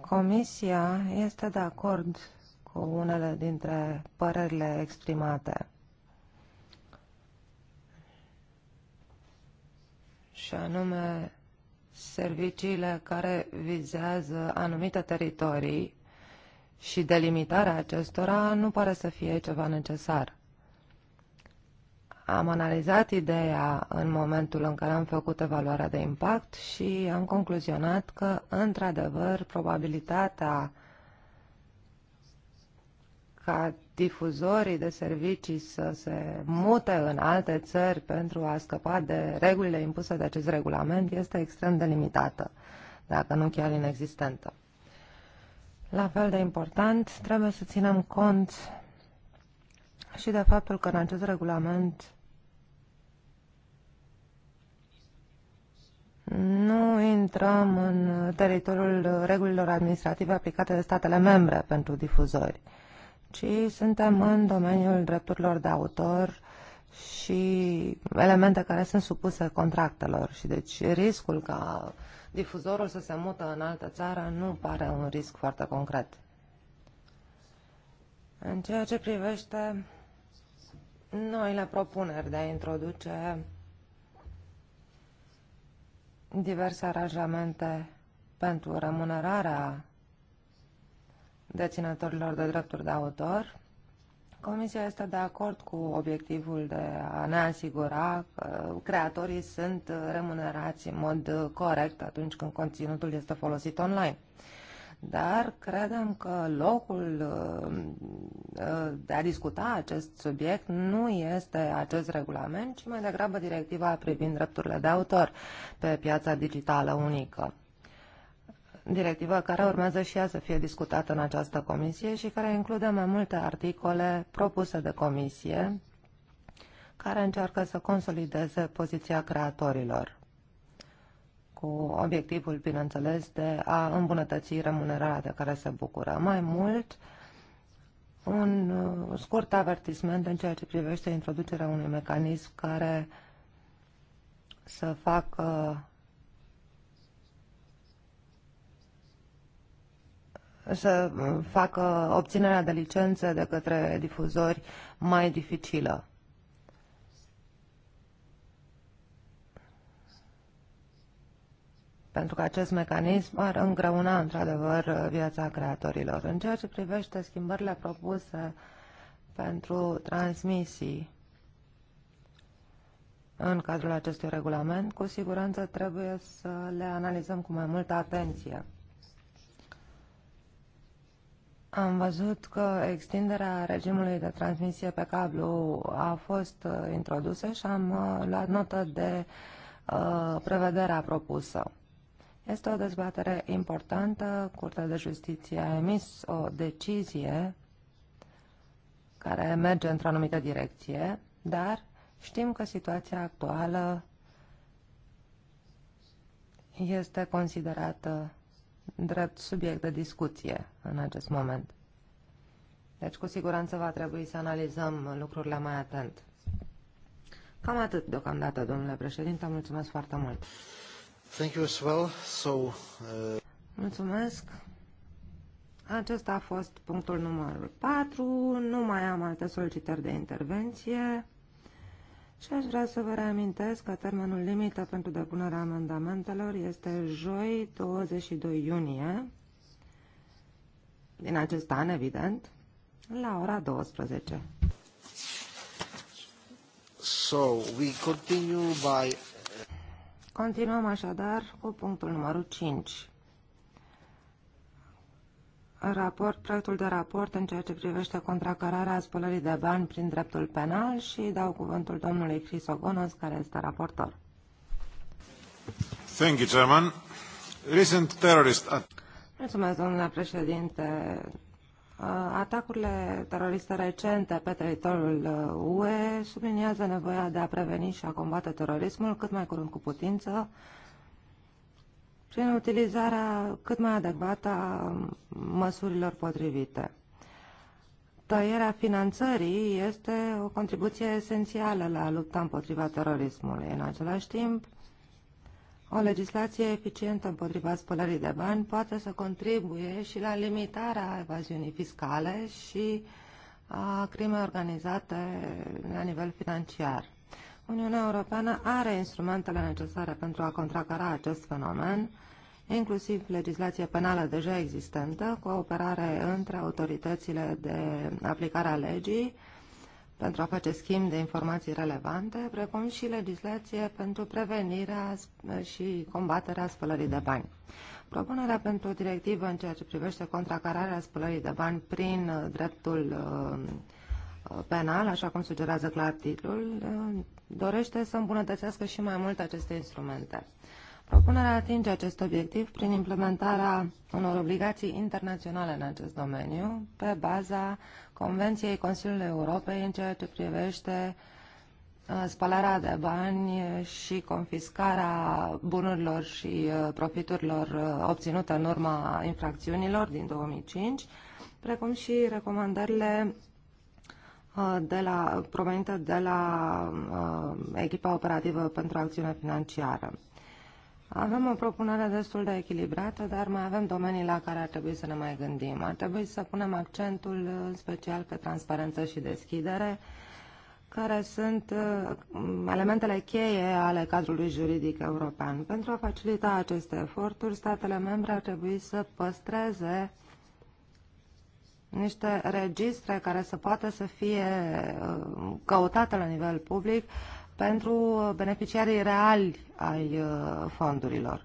Comisia este de acord cu unele dintre părerile exprimate. Și anume serviciile care vizează anumite teritorii și delimitarea acestora nu pare să fie ceva necesar. Am analizat ideea în momentul în care am făcut evaluarea de impact și am concluzionat că, într-adevăr, probabilitatea ca difuzorii de servicii să se mute în alte țări pentru a scăpa de regulile impuse de acest regulament este extrem de limitată, dacă nu chiar inexistentă. La fel de important, trebuie să ținem cont și de faptul că în acest regulament Nu intrăm în teritoriul regulilor administrative aplicate de statele membre pentru difuzori, ci suntem în domeniul drepturilor de autor și elemente care sunt supuse contractelor și deci riscul ca difuzorul să se mută în altă țară nu pare un risc foarte concret. În ceea ce privește noile propuneri de a introduce diverse aranjamente pentru remunerarea deținătorilor de drepturi de autor. Comisia este de acord cu obiectivul de a ne asigura că creatorii sunt remunerați în mod corect atunci când conținutul este folosit online dar credem că locul uh, uh, de a discuta acest subiect nu este acest regulament, ci mai degrabă directiva privind drepturile de autor pe piața digitală unică. Directivă care urmează și ea să fie discutată în această comisie și care include mai multe articole propuse de comisie care încearcă să consolideze poziția creatorilor cu obiectivul, bineînțeles, de a îmbunătăți remunerarea de care se bucură. Mai mult, un uh, scurt avertisment în ceea ce privește introducerea unui mecanism care să facă să facă obținerea de licențe de către difuzori mai dificilă. pentru că acest mecanism ar îngreuna într-adevăr viața creatorilor. În ceea ce privește schimbările propuse pentru transmisii în cadrul acestui regulament, cu siguranță trebuie să le analizăm cu mai multă atenție. Am văzut că extinderea regimului de transmisie pe cablu a fost uh, introdusă și am uh, luat notă de uh, prevederea propusă. Este o dezbatere importantă. Curtea de Justiție a emis o decizie care merge într-o anumită direcție, dar știm că situația actuală este considerată drept subiect de discuție în acest moment. Deci, cu siguranță, va trebui să analizăm lucrurile mai atent. Cam atât deocamdată, domnule președinte. Mulțumesc foarte mult! Thank you as well. So, uh... Mulțumesc. Acesta a fost punctul numărul 4. Nu mai am alte solicitări de intervenție. Și aș vrea să vă reamintesc că termenul limită pentru depunerea amendamentelor este joi 22 iunie, din acest an, evident, la ora 12. So, we continue by Continuăm așadar cu punctul numărul 5. Raport, proiectul de raport în ceea ce privește contracararea spălării de bani prin dreptul penal și dau cuvântul domnului Crisogonos, care este raportor. Thank you, Chairman. Recent terrorist Mulțumesc, domnule președinte. Uh, atacurile teroriste recente pe teritoriul UE uh, subliniază nevoia de a preveni și a combate terorismul cât mai curând cu putință, prin utilizarea cât mai adecvată a măsurilor potrivite. Tăierea finanțării este o contribuție esențială la lupta împotriva terorismului. În același timp, o legislație eficientă împotriva spălării de bani poate să contribuie și la limitarea evaziunii fiscale și a crimei organizate la nivel financiar. Uniunea Europeană are instrumentele necesare pentru a contracara acest fenomen, inclusiv legislație penală deja existentă, cooperare între autoritățile de aplicare a legii, pentru a face schimb de informații relevante, precum și legislație pentru prevenirea și combaterea spălării de bani. Propunerea pentru o directivă în ceea ce privește contracararea spălării de bani prin uh, dreptul uh, penal, așa cum sugerează clar titlul, uh, dorește să îmbunătățească și mai mult aceste instrumente. Propunerea atinge acest obiectiv prin implementarea unor obligații internaționale în acest domeniu, pe baza Convenției Consiliului Europei în ceea ce privește uh, spălarea de bani și confiscarea bunurilor și uh, profiturilor uh, obținute în urma infracțiunilor din 2005, precum și recomandările de la, provenite de la echipa operativă pentru acțiune financiară. Avem o propunere destul de echilibrată, dar mai avem domenii la care ar trebui să ne mai gândim. Ar trebui să punem accentul uh, special pe transparență și deschidere, care sunt uh, elementele cheie ale cadrului juridic european. Pentru a facilita aceste eforturi, statele membre ar trebui să păstreze niște registre care să poată să fie uh, căutate la nivel public pentru beneficiarii reali ai uh, fondurilor.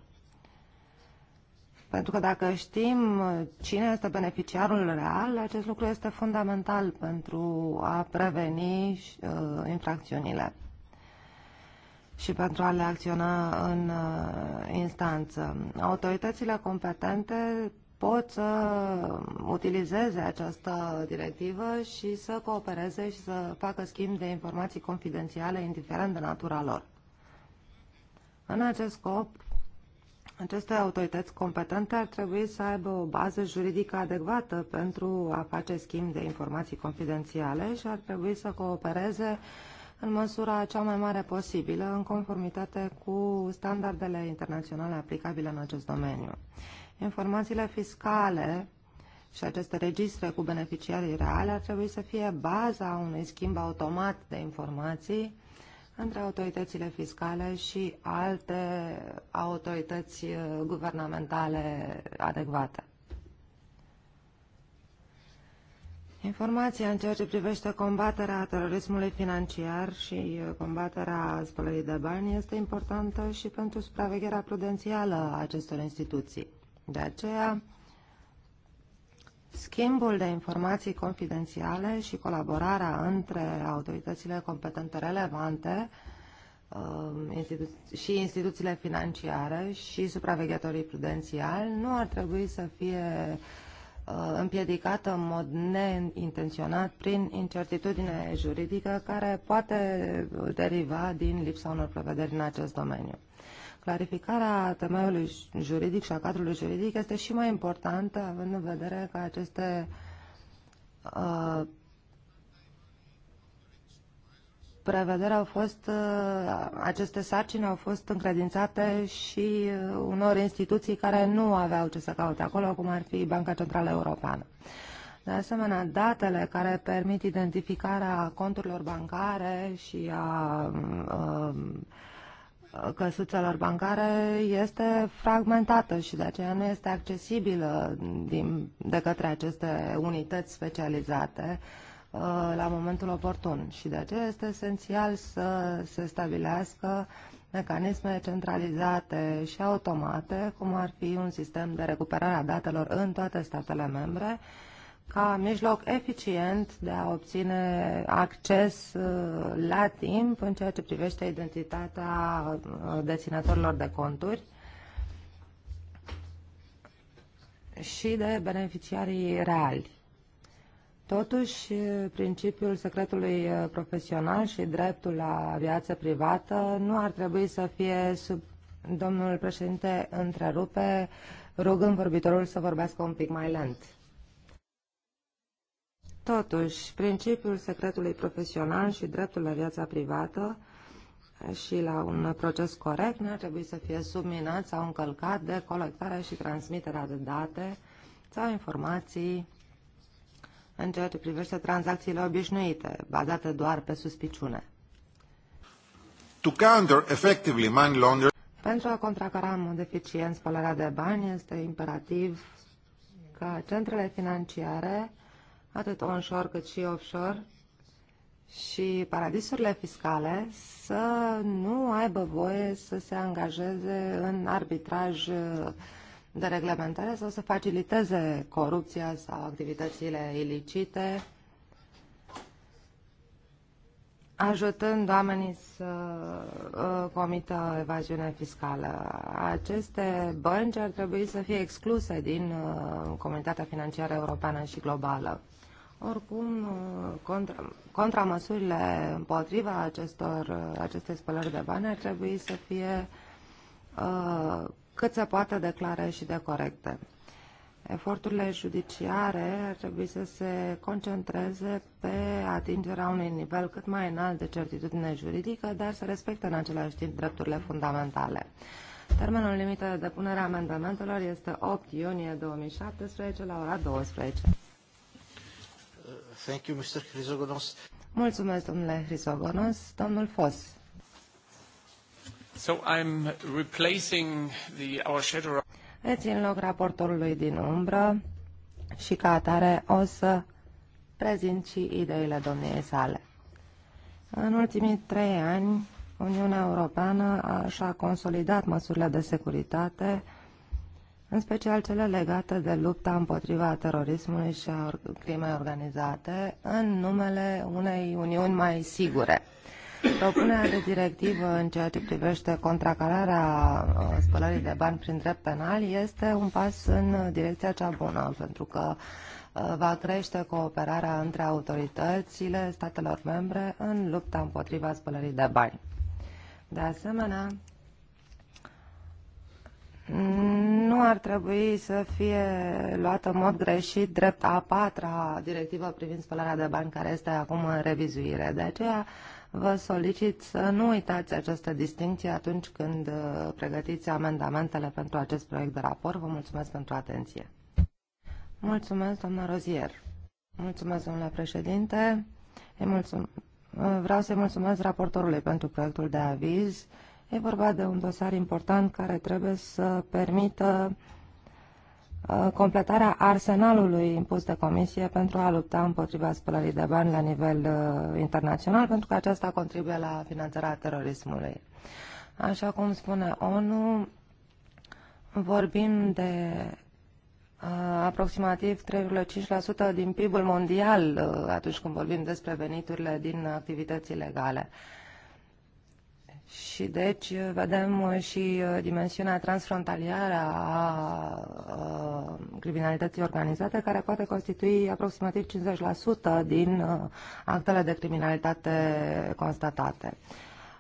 Pentru că dacă știm cine este beneficiarul real, acest lucru este fundamental pentru a preveni uh, infracțiunile și pentru a le acționa în uh, instanță. Autoritățile competente pot să utilizeze această directivă și să coopereze și să facă schimb de informații confidențiale, indiferent de natura lor. În acest scop, aceste autorități competente ar trebui să aibă o bază juridică adecvată pentru a face schimb de informații confidențiale și ar trebui să coopereze în măsura cea mai mare posibilă, în conformitate cu standardele internaționale aplicabile în acest domeniu. Informațiile fiscale și aceste registre cu beneficiarii reale ar trebui să fie baza unui schimb automat de informații între autoritățile fiscale și alte autorități uh, guvernamentale adecvate. Informația în ceea ce privește combaterea terorismului financiar și uh, combaterea spălării de bani este importantă și pentru supravegherea prudențială a acestor instituții. De aceea, schimbul de informații confidențiale și colaborarea între autoritățile competente relevante uh, și instituțiile financiare și supraveghetorii prudențiali nu ar trebui să fie uh, împiedicată în mod neintenționat prin incertitudine juridică care poate deriva din lipsa unor prevederi în acest domeniu. Clarificarea temeiului juridic și a cadrului juridic este și mai importantă, având în vedere că aceste uh, prevederi au fost, uh, aceste sarcini au fost încredințate și uh, unor instituții care nu aveau ce să caute acolo, cum ar fi Banca Centrală Europeană. De asemenea, datele care permit identificarea conturilor bancare și a, a um, lor bancare este fragmentată și de aceea nu este accesibilă din, de către aceste unități specializate uh, la momentul oportun și de aceea este esențial să se stabilească mecanisme centralizate și automate, cum ar fi un sistem de recuperare a datelor în toate statele membre, uh, ca mijloc eficient de a obține acces uh, la timp în ceea ce privește identitatea uh, deținătorilor de conturi și de beneficiarii reali. Totuși, principiul secretului uh, profesional și dreptul la viață privată nu ar trebui să fie sub... Domnul președinte întrerupe, rugând vorbitorul să vorbească un pic mai lent. Totuși, principiul secretului profesional și dreptul la viața privată și la un proces corect nu ar trebui să fie subminat sau încălcat de colectarea și transmiterea de date sau informații în ceea ce privește tranzacțiile obișnuite, bazate doar pe suspiciune. To counter effectively money laundering... Pentru a contracara în mod eficient spălarea de bani, este imperativ ca centrele financiare atât onshore cât și offshore, și paradisurile fiscale să nu aibă voie să se angajeze în arbitraj uh, de reglementare sau să faciliteze corupția sau activitățile ilicite, ajutând oamenii să uh, comită evaziune fiscală. Aceste bănci ar trebui să fie excluse din uh, comunitatea financiară europeană și globală. Oricum, contra, contramăsurile împotriva acestor, acestei spălări de bani ar trebui să fie uh, cât se poate clare și de corecte. Eforturile judiciare ar trebui să se concentreze pe atingerea unui nivel cât mai înalt de certitudine juridică, dar să respecte în același timp drepturile fundamentale. Termenul limită de depunere a amendamentelor este 8 iunie 2017 la ora 12. Thank you, Mr. Mulțumesc, domnule Hrizogonos. Domnul Fos. So I'm replacing the, our shadow... în loc raportorului din umbră și ca atare o să prezint și ideile domniei sale. În ultimii trei ani, Uniunea Europeană și-a consolidat măsurile de securitate în special cele legate de lupta împotriva terorismului și a crimei organizate, în numele unei uniuni mai sigure. Propunerea de directivă în ceea ce privește contracararea uh, spălării de bani prin drept penal este un pas în direcția cea bună, pentru că uh, va crește cooperarea între autoritățile statelor membre în lupta împotriva spălării de bani. De asemenea, nu ar trebui să fie luată în mod greșit drept a patra directivă privind spălarea de bani care este acum în revizuire. De aceea vă solicit să nu uitați această distinție atunci când uh, pregătiți amendamentele pentru acest proiect de raport. Vă mulțumesc pentru atenție. Mulțumesc, doamna Rozier. Mulțumesc, domnule președinte. Mulțum... Uh, vreau să-i mulțumesc raportorului pentru proiectul de aviz E vorba de un dosar important care trebuie să permită uh, completarea arsenalului impus de comisie pentru a lupta împotriva spălării de bani la nivel uh, internațional, pentru că aceasta contribuie la finanțarea terorismului. Așa cum spune ONU, vorbim de uh, aproximativ 3,5% din PIB-ul mondial atunci când vorbim despre veniturile din activități ilegale. Și deci uh, vedem uh, și uh, dimensiunea transfrontalieră a criminalității organizate, care poate constitui aproximativ 50% din actele de criminalitate constatate.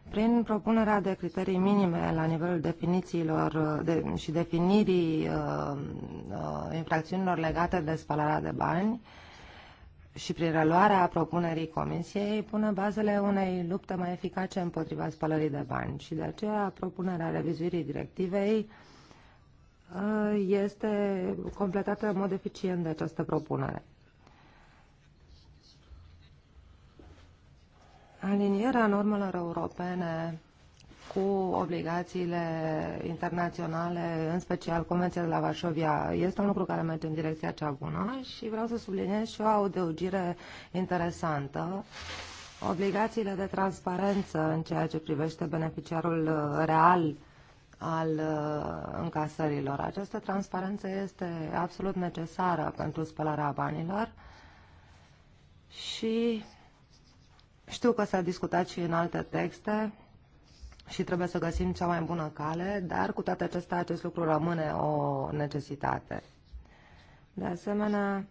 Prin propunerea de criterii minime la nivelul definițiilor de, și definirii uh, infracțiunilor legate de spălarea de bani, uh, și prin reluarea propunerii Comisiei pune bazele unei lupte mai eficace împotriva spălării de bani și de aceea propunerea revizuirii directivei uh, este completată în mod eficient de această propunere. Alinierea normelor europene cu obligațiile internaționale, în special Convenția de la Varșovia, este un lucru care merge în direcția cea bună și vreau să subliniez și o adăugire interesantă. Obligațiile de transparență în ceea ce privește beneficiarul uh, real al uh, încasărilor. Această transparență este absolut necesară pentru spălarea banilor și știu că s-a discutat și în alte texte, și trebuie să găsim cea mai bună cale, dar cu toate acestea acest lucru rămâne o necesitate. De asemenea,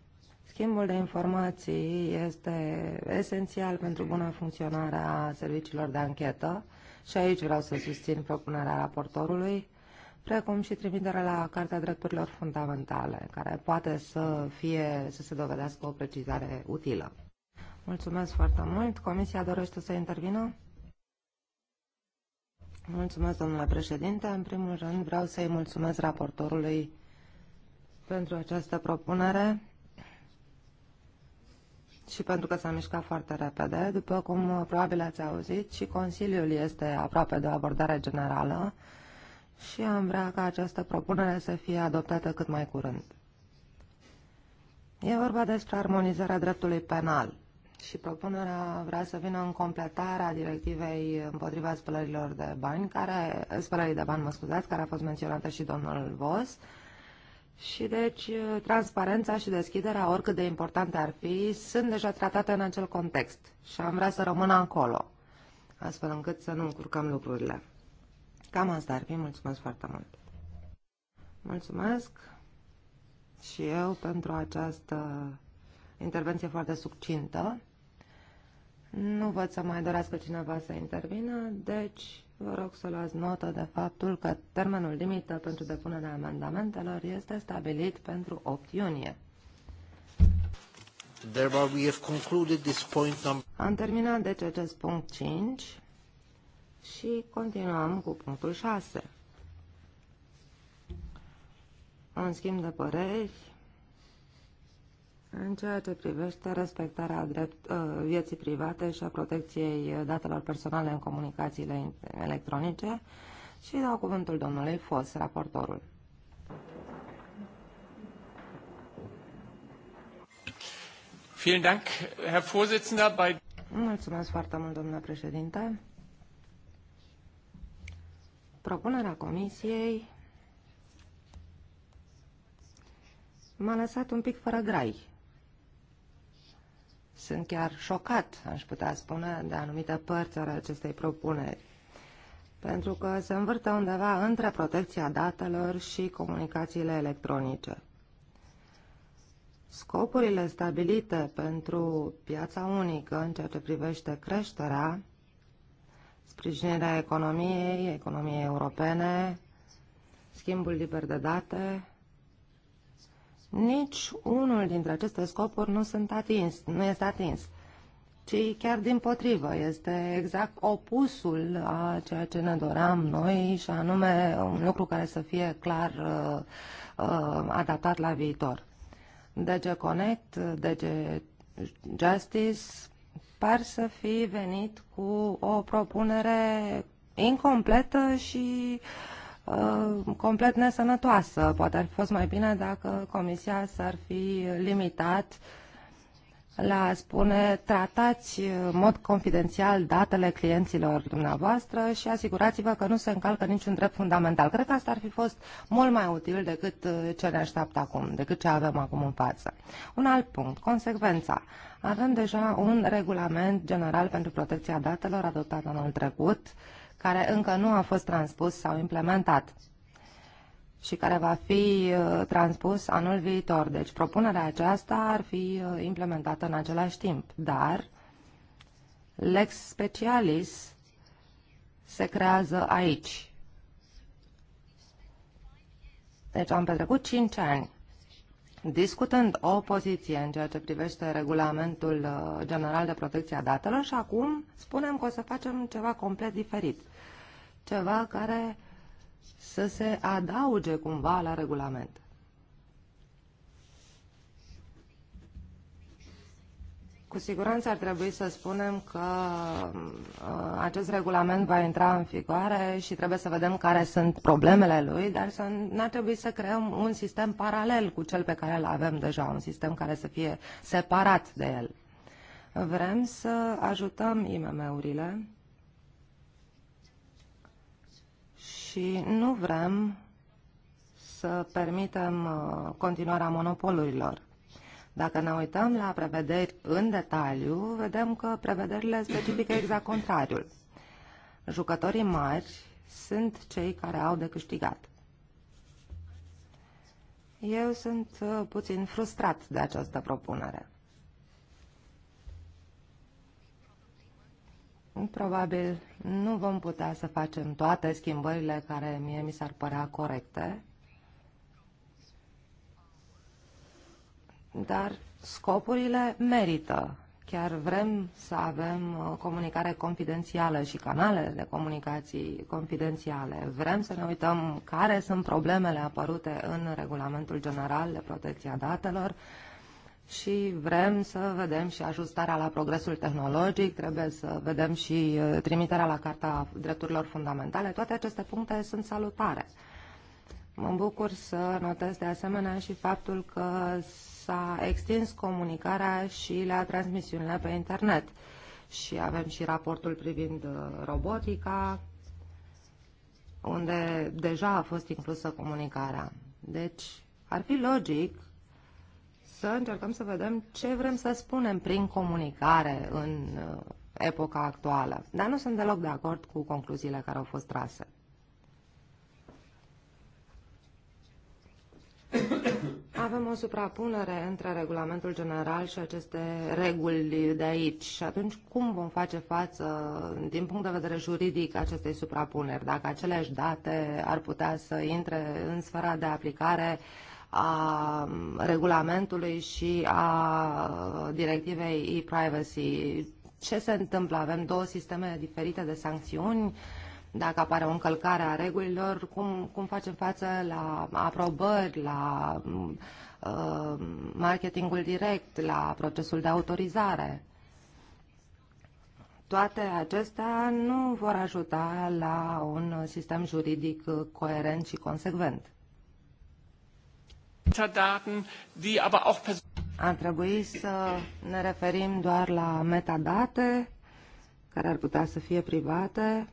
schimbul de informații este esențial pentru bună funcționare a serviciilor de anchetă și aici vreau să susțin propunerea raportorului, precum și trimiterea la Cartea Drepturilor Fundamentale, care poate să, fie, să se dovedească o precizare utilă. Mulțumesc foarte mult. Comisia dorește să intervină? Mulțumesc, domnule președinte. În primul rând vreau să-i mulțumesc raportorului pentru această propunere și pentru că s-a mișcat foarte repede. După cum probabil ați auzit, și Consiliul este aproape de o abordare generală și am vrea ca această propunere să fie adoptată cât mai curând. E vorba despre armonizarea dreptului penal și propunerea vrea să vină în completarea directivei împotriva spălărilor de bani, care, spălării de bani, mă scuzați, care a fost menționată și domnul Vos. Și deci transparența și deschiderea, oricât de importante ar fi, sunt deja tratate în acel context și am vrea să rămână acolo, astfel încât să nu încurcăm lucrurile. Cam asta ar fi. Mulțumesc foarte mult! Mulțumesc și eu pentru această intervenție foarte succintă. Nu văd să mai dorească cineva să intervină, deci vă rog să luați notă de faptul că termenul limită pentru depunerea amendamentelor este stabilit pentru 8 iunie. We have concluded this point number... Am terminat deci acest punct 5 și continuăm cu punctul 6. În schimb de păreri în ceea ce privește respectarea drept, uh, vieții private și a protecției uh, datelor personale în comunicațiile electronice și dau cuvântul domnului Fos, raportorul. Vielen Dank, Herr Vorsitzender. Mulțumesc foarte mult, domnule președinte. Propunerea comisiei m-a lăsat un pic fără grai. Sunt chiar șocat, aș putea spune, de anumite părți ale acestei propuneri, pentru că se învârte undeva între protecția datelor și comunicațiile electronice. Scopurile stabilite pentru piața unică în ceea ce privește creșterea, sprijinirea economiei, economiei europene, schimbul liber de date, nici unul dintre aceste scopuri nu, sunt atins, nu este atins, ci chiar din potrivă, este exact opusul a ceea ce ne doream noi și anume un lucru care să fie clar uh, uh, adaptat la viitor. DG Connect, DG Justice par să fi venit cu o propunere incompletă și uh, Uh, complet nesănătoasă. Poate ar fi fost mai bine dacă Comisia s-ar fi limitat la a spune tratați în mod confidențial datele clienților dumneavoastră și asigurați-vă că nu se încalcă niciun drept fundamental. Cred că asta ar fi fost mult mai util decât uh, ce ne așteaptă acum, decât ce avem acum în față. Un alt punct, consecvența. Avem deja un regulament general pentru protecția datelor adoptat anul trecut, uh, care încă nu a fost transpus sau implementat și care va fi uh, transpus anul viitor. Deci propunerea aceasta ar fi uh, implementată în același timp, dar lex specialis se creează aici. Deci am petrecut 5 ani discutând o poziție în ceea ce privește regulamentul uh, general de protecție a datelor și acum spunem că o să facem ceva complet diferit ceva care să se adauge cumva la regulament. Cu siguranță ar trebui să spunem că uh, acest regulament va intra în vigoare și trebuie să vedem care sunt problemele lui, dar să n-ar trebui să creăm un sistem paralel cu cel pe care îl avem deja, un sistem care să fie separat de el. Vrem să ajutăm IMM-urile și nu vrem să permitem uh, continuarea monopolurilor. Dacă ne uităm la prevederi în detaliu, vedem că prevederile specifică exact contrariul. Jucătorii mari sunt cei care au de câștigat. Eu sunt uh, puțin frustrat de această propunere. Probabil nu vom putea să facem toate schimbările care mie mi s-ar părea corecte, dar scopurile merită. Chiar vrem să avem uh, comunicare confidențială și canale de comunicații confidențiale. Vrem să ne uităm care sunt problemele apărute în Regulamentul General de Protecție a Datelor, și vrem să vedem și ajustarea la progresul tehnologic, trebuie să vedem și uh, trimiterea la Carta Drepturilor Fundamentale. Toate aceste puncte sunt salutare. Mă bucur să notez de asemenea și faptul că s-a extins comunicarea și la transmisiunile pe internet. Și avem și raportul privind uh, robotica, unde deja a fost inclusă comunicarea. Deci, ar fi logic să încercăm să vedem ce vrem să spunem prin comunicare în uh, epoca actuală. Dar nu sunt deloc de acord cu concluziile care au fost trase. Avem o suprapunere între regulamentul general și aceste reguli de aici. Și atunci cum vom face față, din punct de vedere juridic, acestei suprapuneri? Dacă aceleași date ar putea să intre în sfera de aplicare a regulamentului și a directivei e-privacy. Ce se întâmplă? Avem două sisteme diferite de sancțiuni, dacă apare o încălcare a regulilor, cum, cum facem față la aprobări, la uh, marketingul direct, la procesul de autorizare? Toate acestea nu vor ajuta la un sistem juridic coerent și consecvent. Ar trebui să ne referim doar la metadate care ar putea să fie private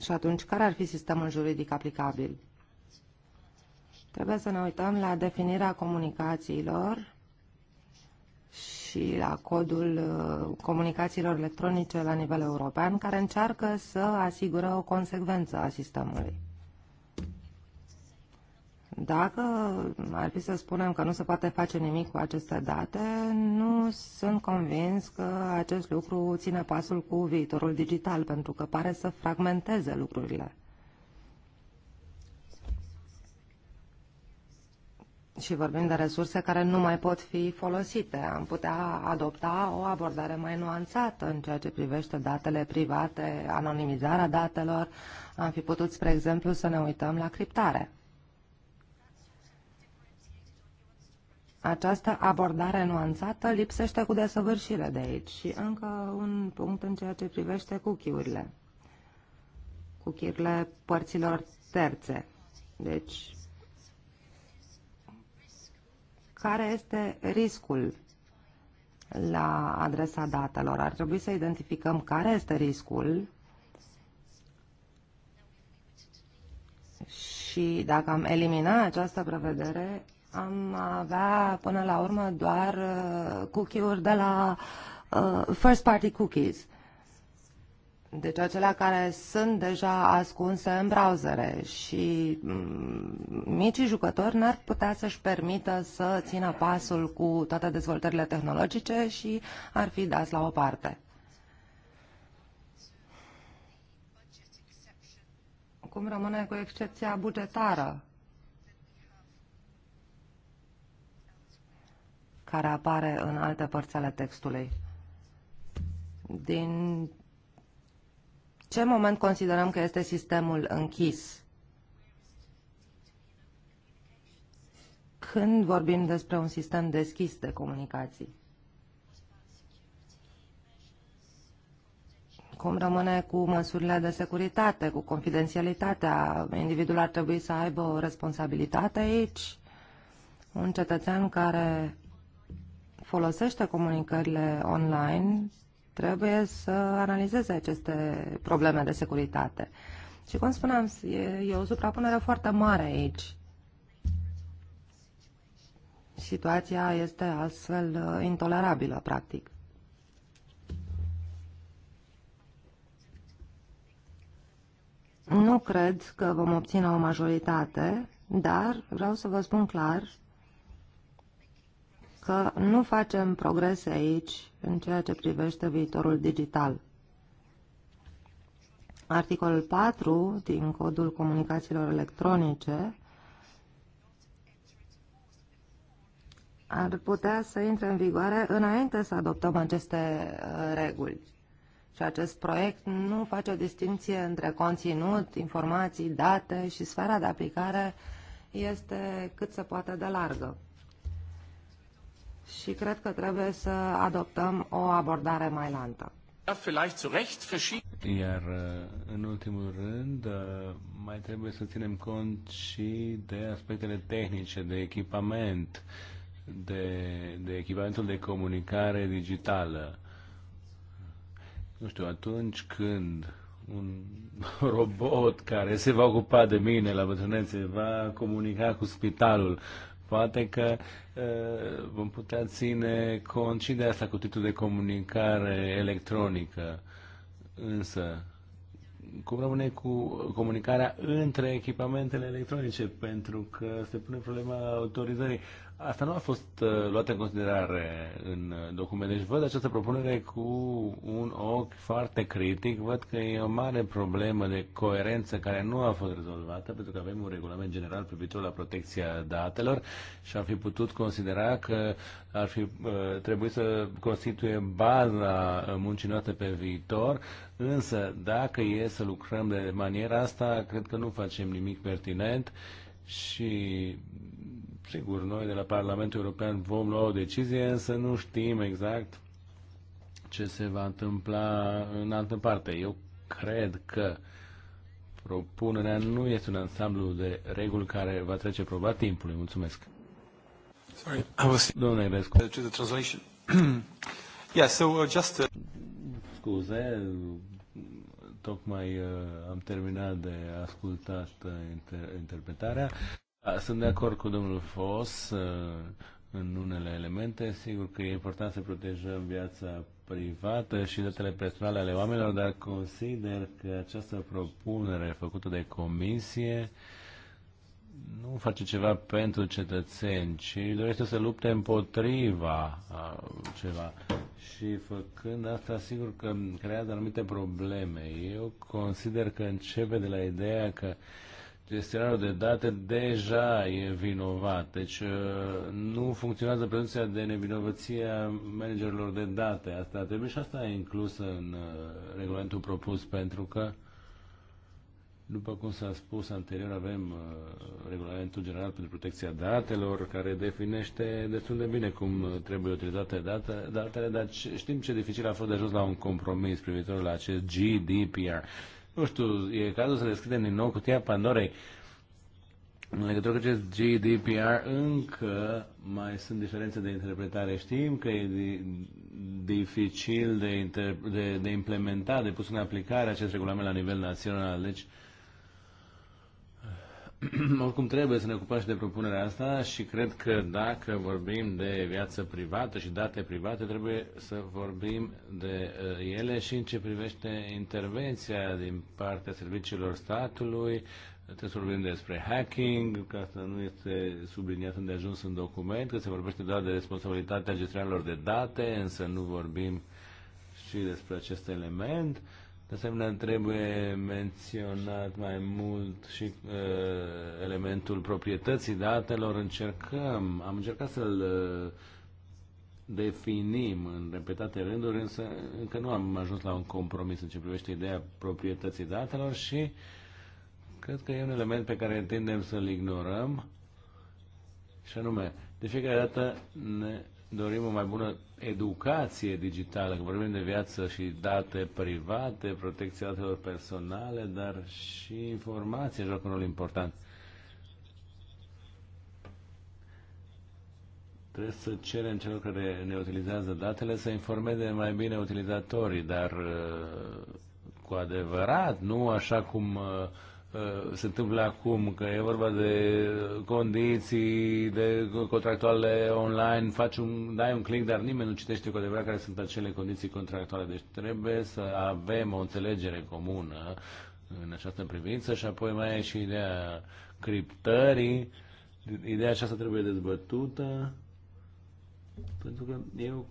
și atunci care ar fi sistemul juridic aplicabil? Trebuie să ne uităm la definirea comunicațiilor și la codul uh, comunicațiilor electronice la nivel european, care încearcă să asigură o consecvență a sistemului. Dacă ar fi să spunem că nu se poate face nimic cu aceste date, nu sunt convins că acest lucru ține pasul cu viitorul digital, pentru că pare să fragmenteze lucrurile. Și vorbim de resurse care nu mai pot fi folosite. Am putea adopta o abordare mai nuanțată în ceea ce privește datele private, anonimizarea datelor. Am fi putut, spre exemplu, să ne uităm la criptare. Această abordare nuanțată lipsește cu desăvârșire de aici și încă un punct în ceea ce privește cuchiurile, cuchiurile părților terțe. Deci, care este riscul la adresa datelor? Ar trebui să identificăm care este riscul și dacă am eliminat această prevedere, am avea până la urmă doar uh, cookie-uri de la uh, first party cookies. Deci acelea care sunt deja ascunse în browsere și mm, micii jucători n-ar putea să-și permită să țină pasul cu toate dezvoltările tehnologice și ar fi dați la o parte. Cum rămâne cu excepția bugetară? care apare în alte părți ale textului. Din ce moment considerăm că este sistemul închis? Când vorbim despre un sistem deschis de comunicații? Cum rămâne cu măsurile de securitate, cu confidențialitatea? Individul ar trebui să aibă o responsabilitate aici? Un cetățean care folosește comunicările online trebuie să analizeze aceste probleme de securitate. Și cum spuneam, e, e o suprapunere foarte mare aici. Situația este astfel uh, intolerabilă, practic. Nu cred că vom obține o majoritate, dar vreau să vă spun clar că nu facem progrese aici în ceea ce privește viitorul digital. Articolul 4 din Codul Comunicațiilor Electronice ar putea să intre în vigoare înainte să adoptăm aceste uh, reguli. Și acest proiect nu face o distinție între conținut, informații, date și sfera de aplicare este cât se poate de largă și cred că trebuie să adoptăm o abordare mai lantă. Da, Iar, uh, în ultimul rând, uh, mai trebuie să ținem cont și de aspectele tehnice, de echipament, de, de echipamentul de comunicare digitală. Nu știu, atunci când un robot care se va ocupa de mine la bătrânețe va comunica cu spitalul, Poate că vom putea ține cont și de asta cu titlul de comunicare electronică. Însă, cum rămâne cu comunicarea între echipamentele electronice? Pentru că se pune problema autorizării. Asta nu a fost uh, luată în considerare în uh, document. Deci văd această propunere cu un ochi foarte critic. Văd că e o mare problemă de coerență care nu a fost rezolvată, pentru că avem un regulament general privitor la protecția datelor și am fi putut considera că ar fi uh, trebuit să constituie baza muncii noastre pe viitor, însă dacă e să lucrăm de maniera asta, cred că nu facem nimic pertinent și Sigur, noi de la Parlamentul European vom lua o decizie, însă nu știm exact ce se va întâmpla în altă parte. Eu cred că propunerea nu este un ansamblu de reguli care va trece proba timpului. Mulțumesc. Sorry, I was... Domnule Grescu. To the translation. yeah, so uh, just... Uh... Scuze, tocmai uh, am terminat de ascultat uh, inter- interpretarea. Da, sunt de acord cu domnul Fos uh, în unele elemente. Sigur că e important să protejăm viața privată și datele personale ale oamenilor, dar consider că această propunere făcută de comisie nu face ceva pentru cetățeni, ci dorește să lupte împotriva ceva. Și făcând asta, sigur că creează anumite probleme. Eu consider că începe de la ideea că uh, gestionarul de date deja e vinovat. Deci uh, nu funcționează prezumția de nevinovăție a managerilor de date. Asta trebuie și asta e inclus în uh, regulamentul propus pentru că după cum s-a spus anterior, avem uh, Regulamentul General pentru Protecția Datelor, care definește destul de bine cum trebuie utilizate datele, datele dar știm ce dificil a fost de ajuns la un compromis privitor la acest GDPR. Nu știu, e cazul să deschidem din nou cutia Pandorei. În legătură cu acest GDPR, încă mai sunt diferențe de interpretare. Știm că e dificil de, inter- de, de implementat, de pus în aplicare acest regulament la nivel național. Deci, uh, Oricum trebuie să ne ocupăm și de propunerea asta și cred că dacă vorbim de viață privată și date private, trebuie să vorbim de uh, ele și în ce privește intervenția din partea serviciilor statului, trebuie să vorbim despre hacking, că asta nu este subliniat unde ajuns în document, că se vorbește doar de responsabilitatea gestionarilor de date, însă nu vorbim și despre acest element. Uh, de asemenea, trebuie menționat mai mult și uh, elementul proprietății datelor. Încercăm, am încercat să-l uh, definim în repetate rânduri, însă încă nu am ajuns la un compromis în ce privește ideea proprietății datelor și cred că e un element pe care tindem să-l ignorăm și anume, de fiecare dată ne dorim o mai bună educație digitală, că vorbim de viață și date private, protecția datelor personale, dar și informație joacă un rol important. Trebuie să cerem celor care ne utilizează datele să informeze mai bine utilizatorii, dar uh, cu adevărat, nu așa cum uh, Uh, se întâmplă acum, că e vorba de condiții, de contractuale online, faci un, dai un click, dar nimeni nu citește cu adevărat care sunt acele condiții contractuale. Deci trebuie să avem o înțelegere comună în această privință și apoi mai e și ideea criptării. Ideea aceasta trebuie dezbătută pentru că eu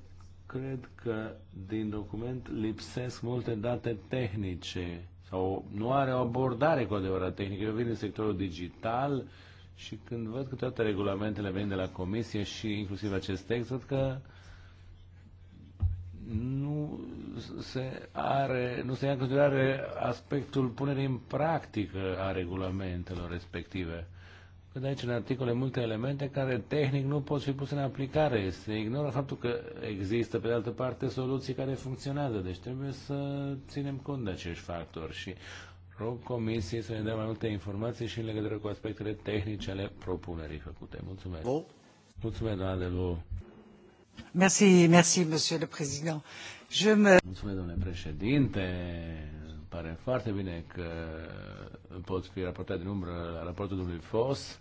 cred că din document lipsesc multe date tehnice sau nu are o abordare cu adevărat tehnică. Eu vin din sectorul digital și când văd că toate regulamentele vin de la comisie și inclusiv acest text, văd că nu se, are, nu se ia în considerare aspectul punerii în practică a regulamentelor respective. Sunt aici în articole multe elemente care tehnic nu pot fi puse în aplicare. Se ignoră faptul că există, pe de altă parte, soluții care funcționează. Deci trebuie să ținem cont de acești factori și rog Comisiei să ne dea mai multe informații și în legătură cu aspectele tehnice ale propunerii făcute. Mulțumesc. Mulțumesc, doamna Delu. Merci, merci, monsieur le président. Je me... Mulțumesc, domnule președinte pare foarte bine că pot fi raportat din umbră la raportul domnului Fos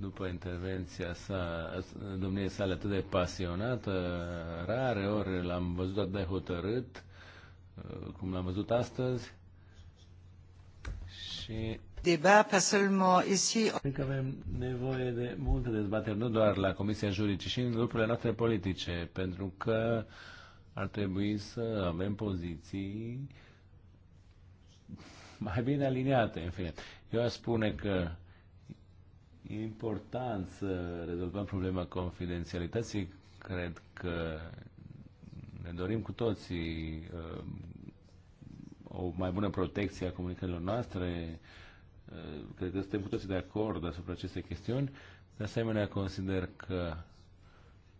după intervenția sa, domnie sale atât de pasionată, rare ori l-am văzut atât de hotărât, uh, cum l-am văzut astăzi. Și ici. Cred că avem nevoie de multe dezbateri, nu doar la Comisia juridică, ci și în grupurile noastre politice, pentru că ar trebui să avem poziții mai bine aliniate, în fine. Eu aș spune că uh, E important să rezolvăm problema confidențialității. Cred că ne dorim cu toții uh, o mai bună protecție a comunicărilor noastre. Uh, cred că suntem cu toții de acord asupra acestei chestiuni. De asemenea, consider că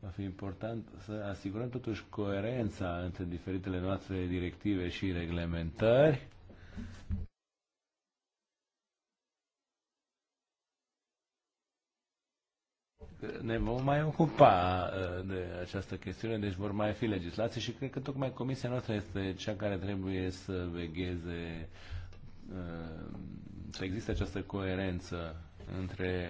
va fi important să asigurăm totuși coerența între diferitele noastre directive și reglementări. ne vom mai ocupa uh, de această chestiune, deci vor mai fi legislații și cred că tocmai comisia noastră este cea care trebuie să vegheze uh, să existe această coerență între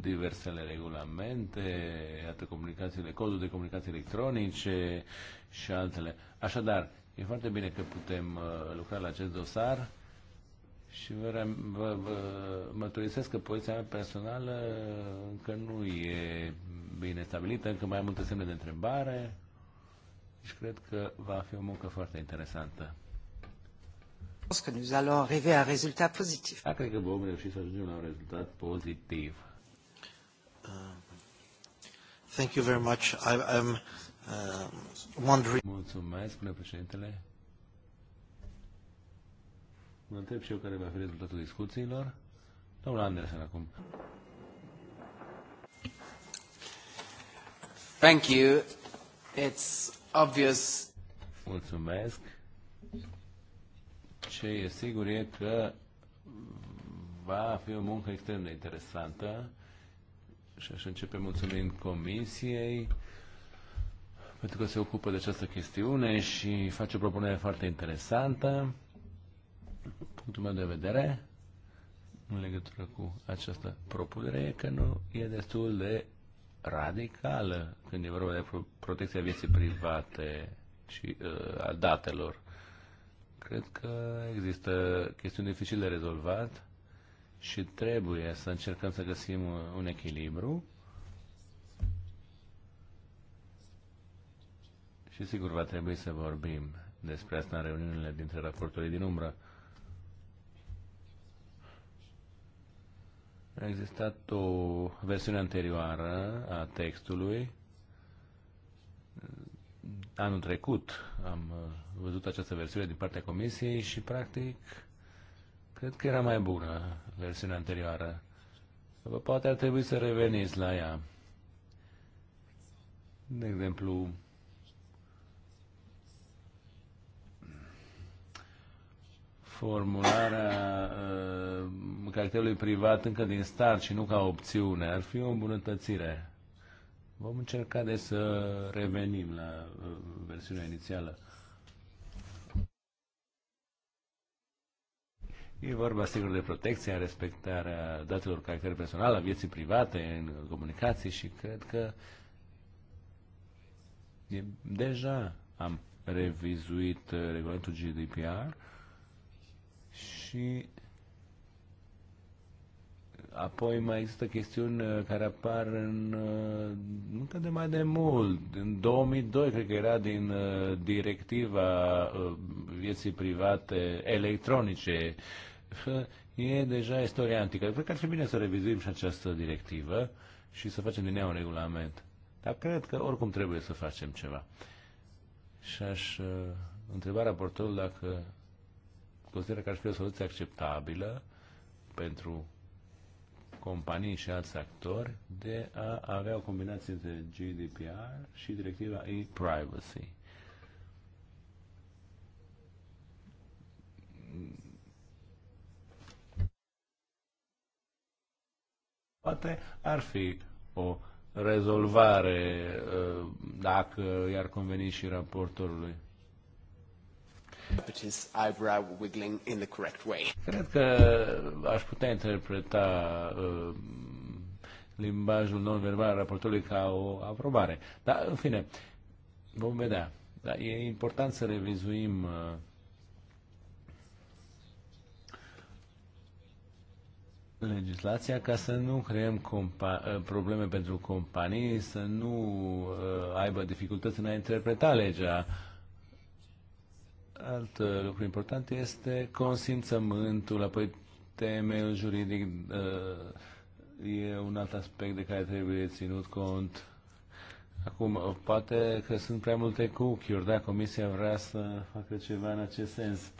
diversele regulamente, iată comunicațiile, codul de comunicații electronice și altele. Așadar, e foarte bine că putem uh, lucra la acest dosar și vă, vă, vă mărturisesc că poziția mea personală încă nu e bine stabilită, încă mai am multe semne de întrebare și cred că va fi o muncă foarte interesantă. că nous allons arriver à Da, cred că vom reuși să ajungem la un rezultat pozitiv. Uh, thank you very much. I, I'm uh, wondering... Mulțumesc, spune președintele. Mă întreb și eu care va fi rezultatul discuțiilor. Domnul Andersen acum. Thank you. It's obvious. Mulțumesc. Ce e sigur e că va fi o muncă extrem de interesantă și aș începe mulțumind Comisiei pentru că se ocupă de această chestiune și face o propunere foarte interesantă punctul meu de vedere în legătură cu această propunere e că nu e destul de radicală când e vorba de protecția vieții private și uh, a datelor. Cred că există chestiuni dificil de rezolvat și trebuie să încercăm să găsim un echilibru și sigur va trebui să vorbim despre asta în reuniunile dintre raportorii din umbră. A existat o versiune anterioară a textului. Anul trecut am uh, văzut această versiune din partea comisiei și, practic, cred că era mai bună versiunea anterioară. Poate ar trebui să reveniți la ea. De exemplu, formularea uh, caracterului privat încă din start și nu ca opțiune. Ar fi o îmbunătățire. Vom încerca de să revenim la uh, versiunea inițială. E vorba, sigur, de protecția, respectarea datelor caracter personal, a vieții private, în comunicații și cred că e, deja am revizuit uh, regulamentul GDPR și apoi mai există chestiuni uh, care apar în, uh, încă de mai de mult. În 2002, cred că era din uh, directiva vieții private electronice. E deja istoria antică. Cred că ar fi bine să revizuim și această directivă și să facem din ea un regulament. Dar cred că oricum trebuie să facem ceva. Și aș întreba raportorul dacă consideră că ar fi o soluție acceptabilă pentru companii și alți actori de a avea o combinație între GDPR și directiva e-privacy. Poate ar fi o rezolvare uh, dacă i-ar conveni și raportorului which is eyebrow wiggling in the correct way. Cred că aș putea interpreta uh, limbajul non-verbal al raportului ca o aprobare. Dar, în fine, vom vedea. Dar e important să revizuim uh, legislația ca să nu creăm uh, probleme pentru companii, să nu uh, aibă dificultăți în a interpreta legea. Alt uh, lucru important este consimțământul, apoi temeiul juridic uh, e un alt aspect de care trebuie ținut cont. Acum, poate că sunt prea multe cookie-uri, da? Comisia vrea să facă ceva în acest sens.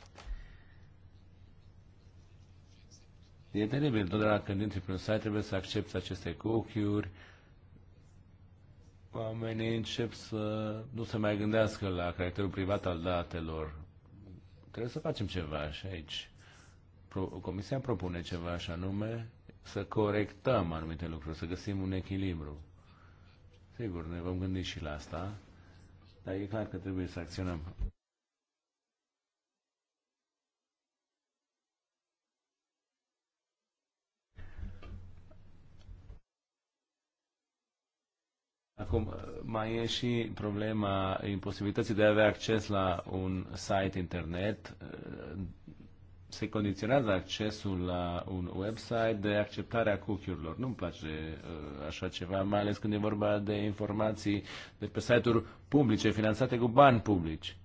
E teribil, totdeauna când intri pe un site trebuie să accepti aceste cookie-uri. Oamenii încep să nu se mai gândească la caracterul privat al datelor trebuie să facem ceva și aici. Comisia propune ceva și anume să corectăm anumite lucruri, să găsim un echilibru. Sigur, ne vom gândi și la asta, dar e clar că trebuie să acționăm. Acum, uh, mai e și problema imposibilității de a avea acces la un site internet. Uh, se condiționează accesul la un website de acceptarea cookie-urilor. Nu-mi place uh, așa ceva, mai ales când e vorba de informații de pe site-uri publice, finanțate cu bani publici.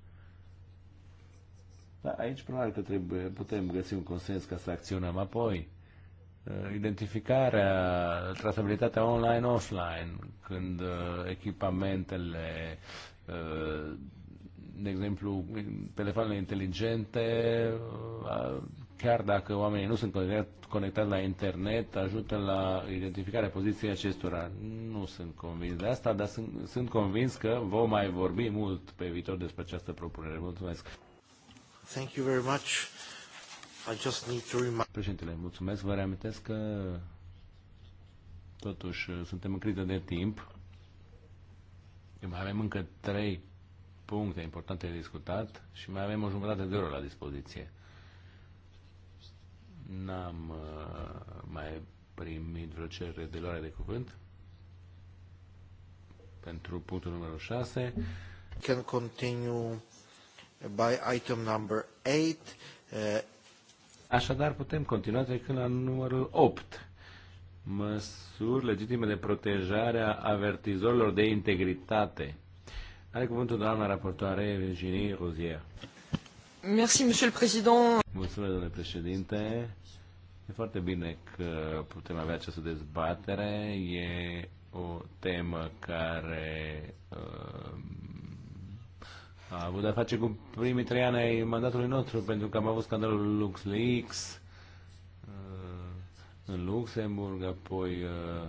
Da, aici probabil că trebuie, putem găsi un consens ca să acționăm apoi Uh, identificarea, trasabilitatea online-offline, când uh, echipamentele, uh, de exemplu, telefoanele inteligente, chiar dacă oamenii nu sunt conectați la internet, ajută la identificarea poziției acestora. Nu sunt convins de asta, dar sunt, sunt convins că vom mai vorbi mult pe viitor despre această propunere. Mulțumesc! Thank you very much. Președintele, mulțumesc. Vă reamintesc că totuși suntem în criză de timp. Mai avem încă trei puncte importante de discutat și mai avem o jumătate de oră la dispoziție. N-am uh, mai primit vreo cerere de luare de cuvânt pentru punctul numărul 6. Can continue by item number 8. Așadar, putem continua trecând la numărul 8. Măsuri legitime de protejare a avertizorilor de integritate. Are cuvântul doamna raportoare Virginie Rozier. Merci, monsieur le président. Mulțumesc, domnule președinte. E foarte bine că putem avea această dezbatere. E o temă care uh, a avut de-a face cu primii trei ani ai mandatului nostru, pentru că am avut scandalul LuxLeaks uh, în Luxemburg, apoi uh,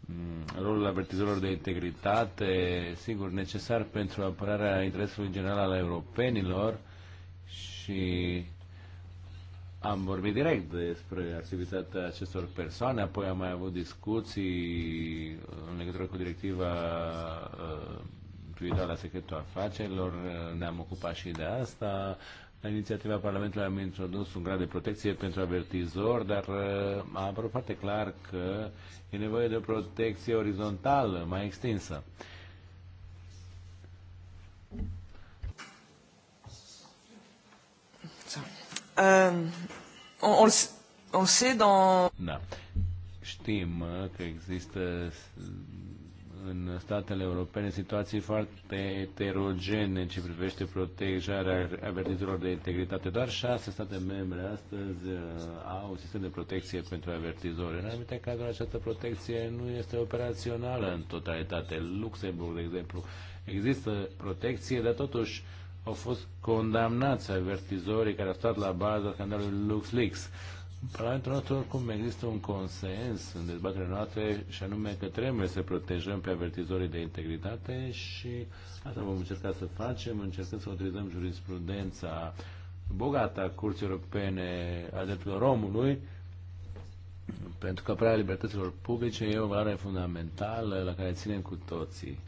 mm, rolul avertizorilor de integritate, sigur, necesar pentru apărarea interesului general al europenilor și am vorbit direct despre activitatea acestor persoane, apoi am mai avut discuții în legătură cu directiva uh, privitoare la secretul afacerilor, ne-am ocupat și de asta. La inițiativa Parlamentului am introdus un grad de protecție pentru avertizor, dar uh, a apărut foarte clar că e nevoie de o protecție orizontală, mai extinsă. Um, on Da. Știm uh, că există în statele europene situații foarte heterogene în ce privește protejarea avertizorilor de integritate. Doar șase state membre astăzi uh, au un sistem de protecție pentru avertizori. În anumite cazuri această protecție nu este operațională în totalitate. Luxemburg, de exemplu, există protecție, dar totuși au fost condamnați avertizorii care au stat la baza scandalului LuxLeaks. Parlamentul nostru oricum există un consens în dezbaterea noastră și anume că trebuie să protejăm pe avertizorii de integritate și asta vom încerca să facem, încercăm să utilizăm jurisprudența bogată a Curții Europene a Drepturilor Omului pentru că apărarea libertăților publice e o valoare fundamentală la care ținem cu toții.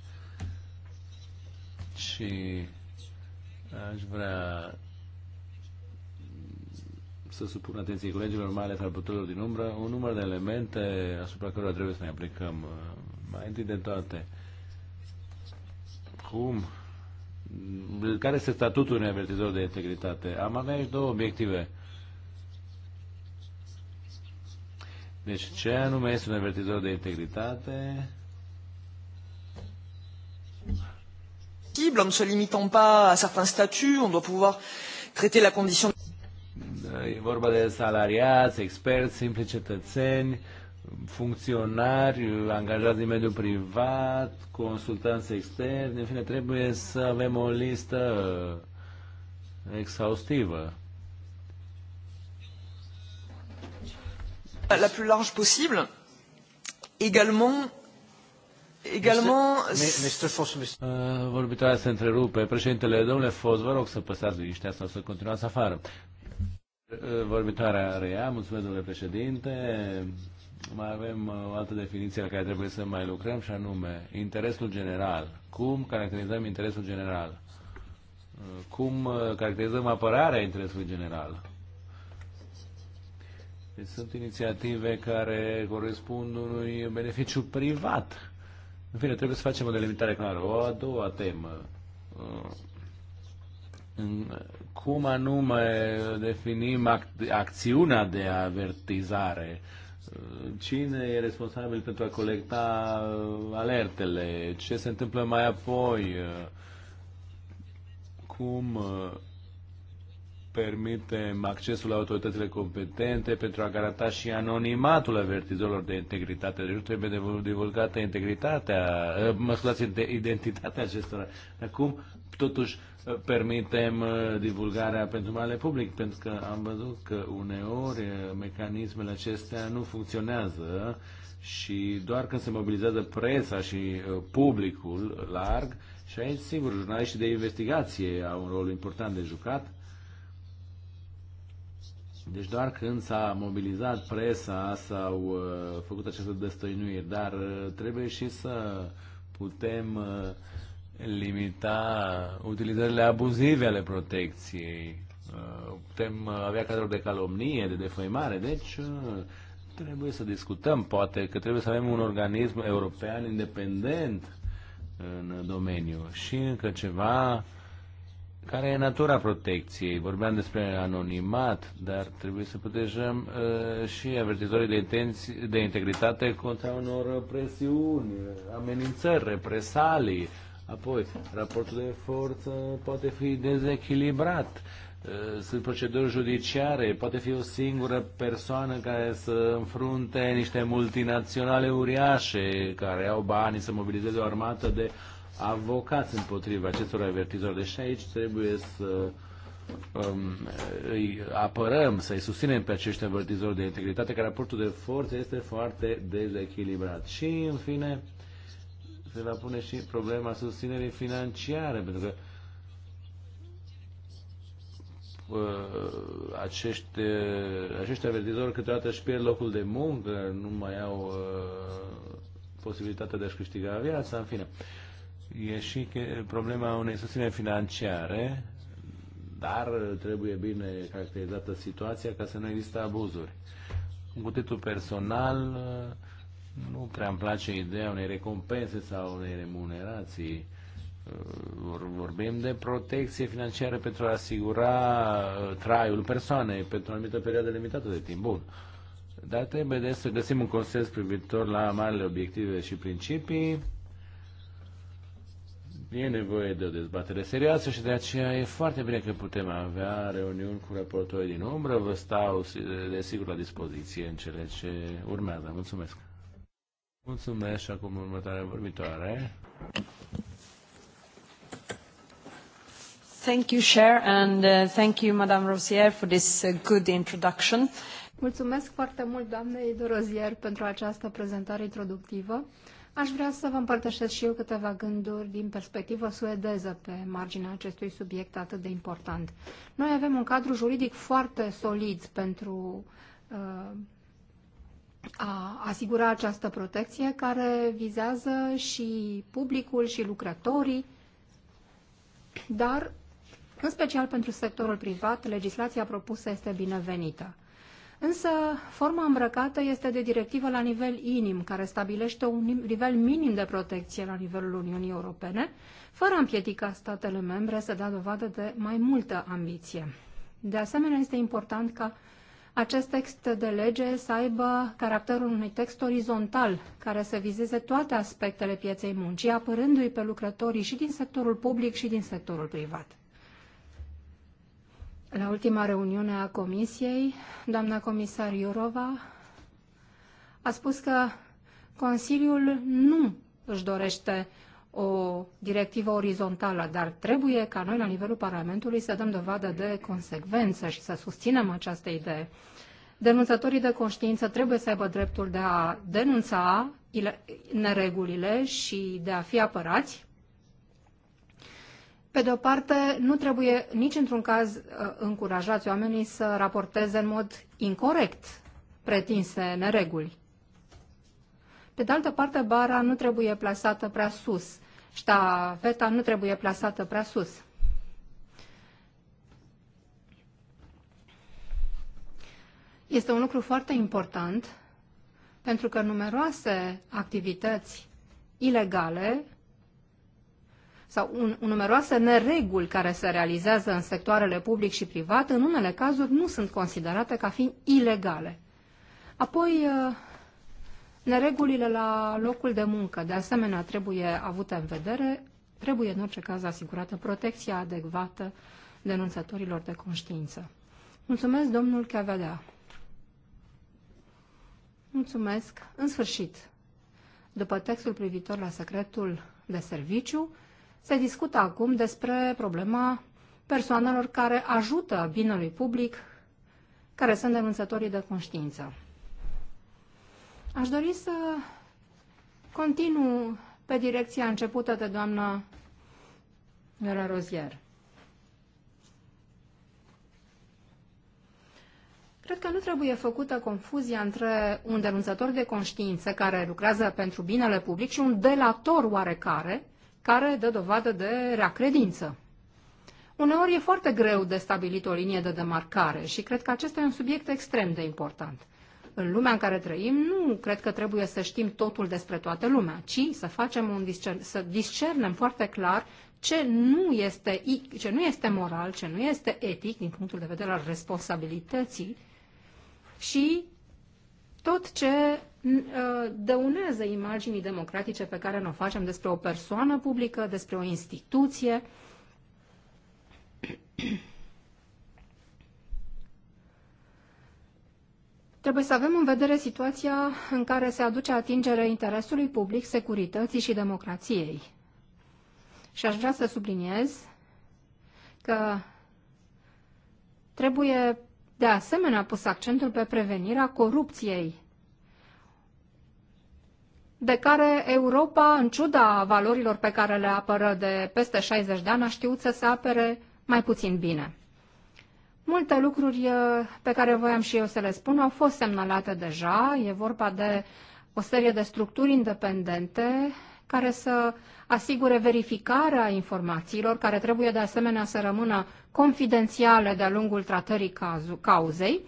Și aș vrea să supună atenție colegilor, mai ales al puterilor din umbră, un număr de elemente asupra cărora trebuie să ne aplicăm. Uh, mai întâi de toate, cum? Care este statutul unui avertizor de integritate? Am avea aici două obiective. Deci ce anume este un avertizor de integritate? En ne se limitant pas à certains statuts, on doit pouvoir traiter la condition E vorba de salariați, experți, simpli cetățeni, funcționari, angajați din mediul privat, consultanți externi, în fine, trebuie să avem o listă exhaustivă. La plus large posibil, Également, également... Uh, vorbitoarea se întrerupe. Președintele, domnule Fos, vă rog să păsați liniștea sau să continuați afară. Vorbitoarea rea, mulțumesc domnule președinte. Mai avem uh, o altă definiție la care trebuie să mai lucrăm și anume interesul general. Cum caracterizăm interesul general? Uh, cum uh, caracterizăm apărarea interesului general? Deci sunt inițiative care corespund unui beneficiu privat. În fine, trebuie să facem o delimitare clară. O a doua temă cum anume definim ac- acțiunea de avertizare? Cine e responsabil pentru a colecta alertele? Ce se întâmplă mai apoi? Cum uh, permitem accesul la autoritățile competente pentru a garanta și anonimatul avertizorilor de integritate. Deci nu trebuie divulgată integritatea, uh, mă scuzați, identitatea acestora. Acum, totuși, permitem uh, divulgarea pentru mare public, pentru că am văzut că uneori uh, mecanismele acestea nu funcționează și doar când se mobilizează presa și uh, publicul larg, și aici, sigur, jurnaliștii de investigație au un rol important de jucat, deci doar când s-a mobilizat presa, s-au uh, făcut această destăinuiri, dar uh, trebuie și să putem uh, limita utilizările abuzive ale protecției, uh, putem uh, avea cazuri de calomnie, de defăimare, deci uh, trebuie să discutăm, poate că trebuie să avem un organism european independent în domeniu și încă ceva care e natura protecției. Vorbeam despre anonimat, dar trebuie să protejăm uh, și avertizorii de, intenții, de integritate contra unor presiuni, amenințări, represalii, Apoi, raportul de forță poate fi dezechilibrat. Eh, sunt proceduri judiciare, poate fi o singură persoană care să înfrunte niște multinaționale uriașe care au bani să mobilizeze o armată de avocați împotriva acestor avertizori. Deci aici trebuie să um, îi apărăm, să-i susținem pe acești avertizori de integritate, că raportul de forță este foarte dezechilibrat. Și, în fine, se va pune și problema susținerii financiare, pentru că uh, acești, uh, acești avertizori câteodată își pierd locul de muncă, nu mai au uh, posibilitatea de a-și câștiga viața, în fine. E și problema unei susținere financiare, dar trebuie bine caracterizată situația ca să nu există abuzuri. Cu personal, uh, nu prea îmi place ideea unei recompense sau unei remunerații. Vorbim de protecție financiară pentru a asigura uh, traiul persoanei pentru o anumită perioadă limitată de timp. Bun. Dar trebuie de să găsim un consens privitor la marile obiective și principii. E nevoie de o dezbatere serioasă și de aceea e foarte bine că putem avea reuniuni cu raportorii din umbră. Vă stau, desigur, la dispoziție în cele ce urmează. Mulțumesc! Mulțumesc acum următoarea vorbitoare. Thank you, Chair, and uh, thank you, Madame Rosier, for this uh, good introduction. Mulțumesc foarte mult, doamnei de Rosier, pentru această prezentare introductivă. Aș vrea să vă împărtășesc și eu câteva gânduri din perspectivă suedeză pe marginea acestui subiect atât de important. Noi avem un cadru juridic foarte solid pentru uh, a asigura această protecție care vizează și publicul și lucrătorii, dar în special pentru sectorul privat, legislația propusă este binevenită. Însă, forma îmbrăcată este de directivă la nivel inim, care stabilește un nivel minim de protecție la nivelul Uniunii Europene, fără a împiedica statele membre să dea dovadă de mai multă ambiție. De asemenea, este important ca acest text de lege să aibă caracterul unui text orizontal, care să vizeze toate aspectele pieței muncii, apărându-i pe lucrătorii și din sectorul public și din sectorul privat. La ultima reuniune a Comisiei, doamna comisar Iurova a spus că Consiliul nu își dorește o directivă orizontală, dar trebuie ca noi la nivelul Parlamentului să dăm dovadă de consecvență și să susținem această idee. Denunțătorii de conștiință trebuie să aibă dreptul de a denunța neregulile și de a fi apărați. Pe de o parte, nu trebuie nici într-un caz uh, încurajați oamenii să raporteze în mod incorrect pretinse nereguli. Pe de altă parte, bara nu trebuie plasată prea sus ștafeta nu trebuie plasată prea sus. Este un lucru foarte important pentru că numeroase activități ilegale sau un, un numeroase nereguli care se realizează în sectoarele public și privat, în unele cazuri nu sunt considerate ca fiind ilegale. Apoi, uh, Neregulile la locul de muncă, de asemenea, trebuie avute în vedere, trebuie în orice caz asigurată protecția adecvată denunțătorilor de conștiință. Mulțumesc, domnul Chiavedea. Mulțumesc. În sfârșit, după textul privitor la secretul de serviciu, se discută acum despre problema persoanelor care ajută binelui public, care sunt denunțătorii de conștiință. Aș dori să continu pe direcția începută de doamna Vera Rozier. Cred că nu trebuie făcută confuzia între un denunțător de conștiință care lucrează pentru binele public și un delator oarecare care dă dovadă de reacredință. Uneori e foarte greu de stabilit o linie de demarcare și cred că acesta e un subiect extrem de important. În lumea în care trăim, nu cred că trebuie să știm totul despre toată lumea, ci să facem un discern, să discernem foarte clar ce nu, este, ce nu este moral, ce nu este etic din punctul de vedere al responsabilității și tot ce ă, dăunează imaginii democratice pe care ne o facem despre o persoană publică, despre o instituție. Trebuie să avem în vedere situația în care se aduce atingere interesului public, securității și democrației. Și aș vrea să subliniez că trebuie de asemenea pus accentul pe prevenirea corupției, de care Europa, în ciuda valorilor pe care le apără de peste 60 de ani, a știut să se apere mai puțin bine. Multe lucruri uh, pe care voiam și eu să le spun au fost semnalate deja. E vorba de o serie de structuri independente care să asigure verificarea informațiilor, care trebuie de asemenea să rămână confidențiale de-a lungul tratării cauzei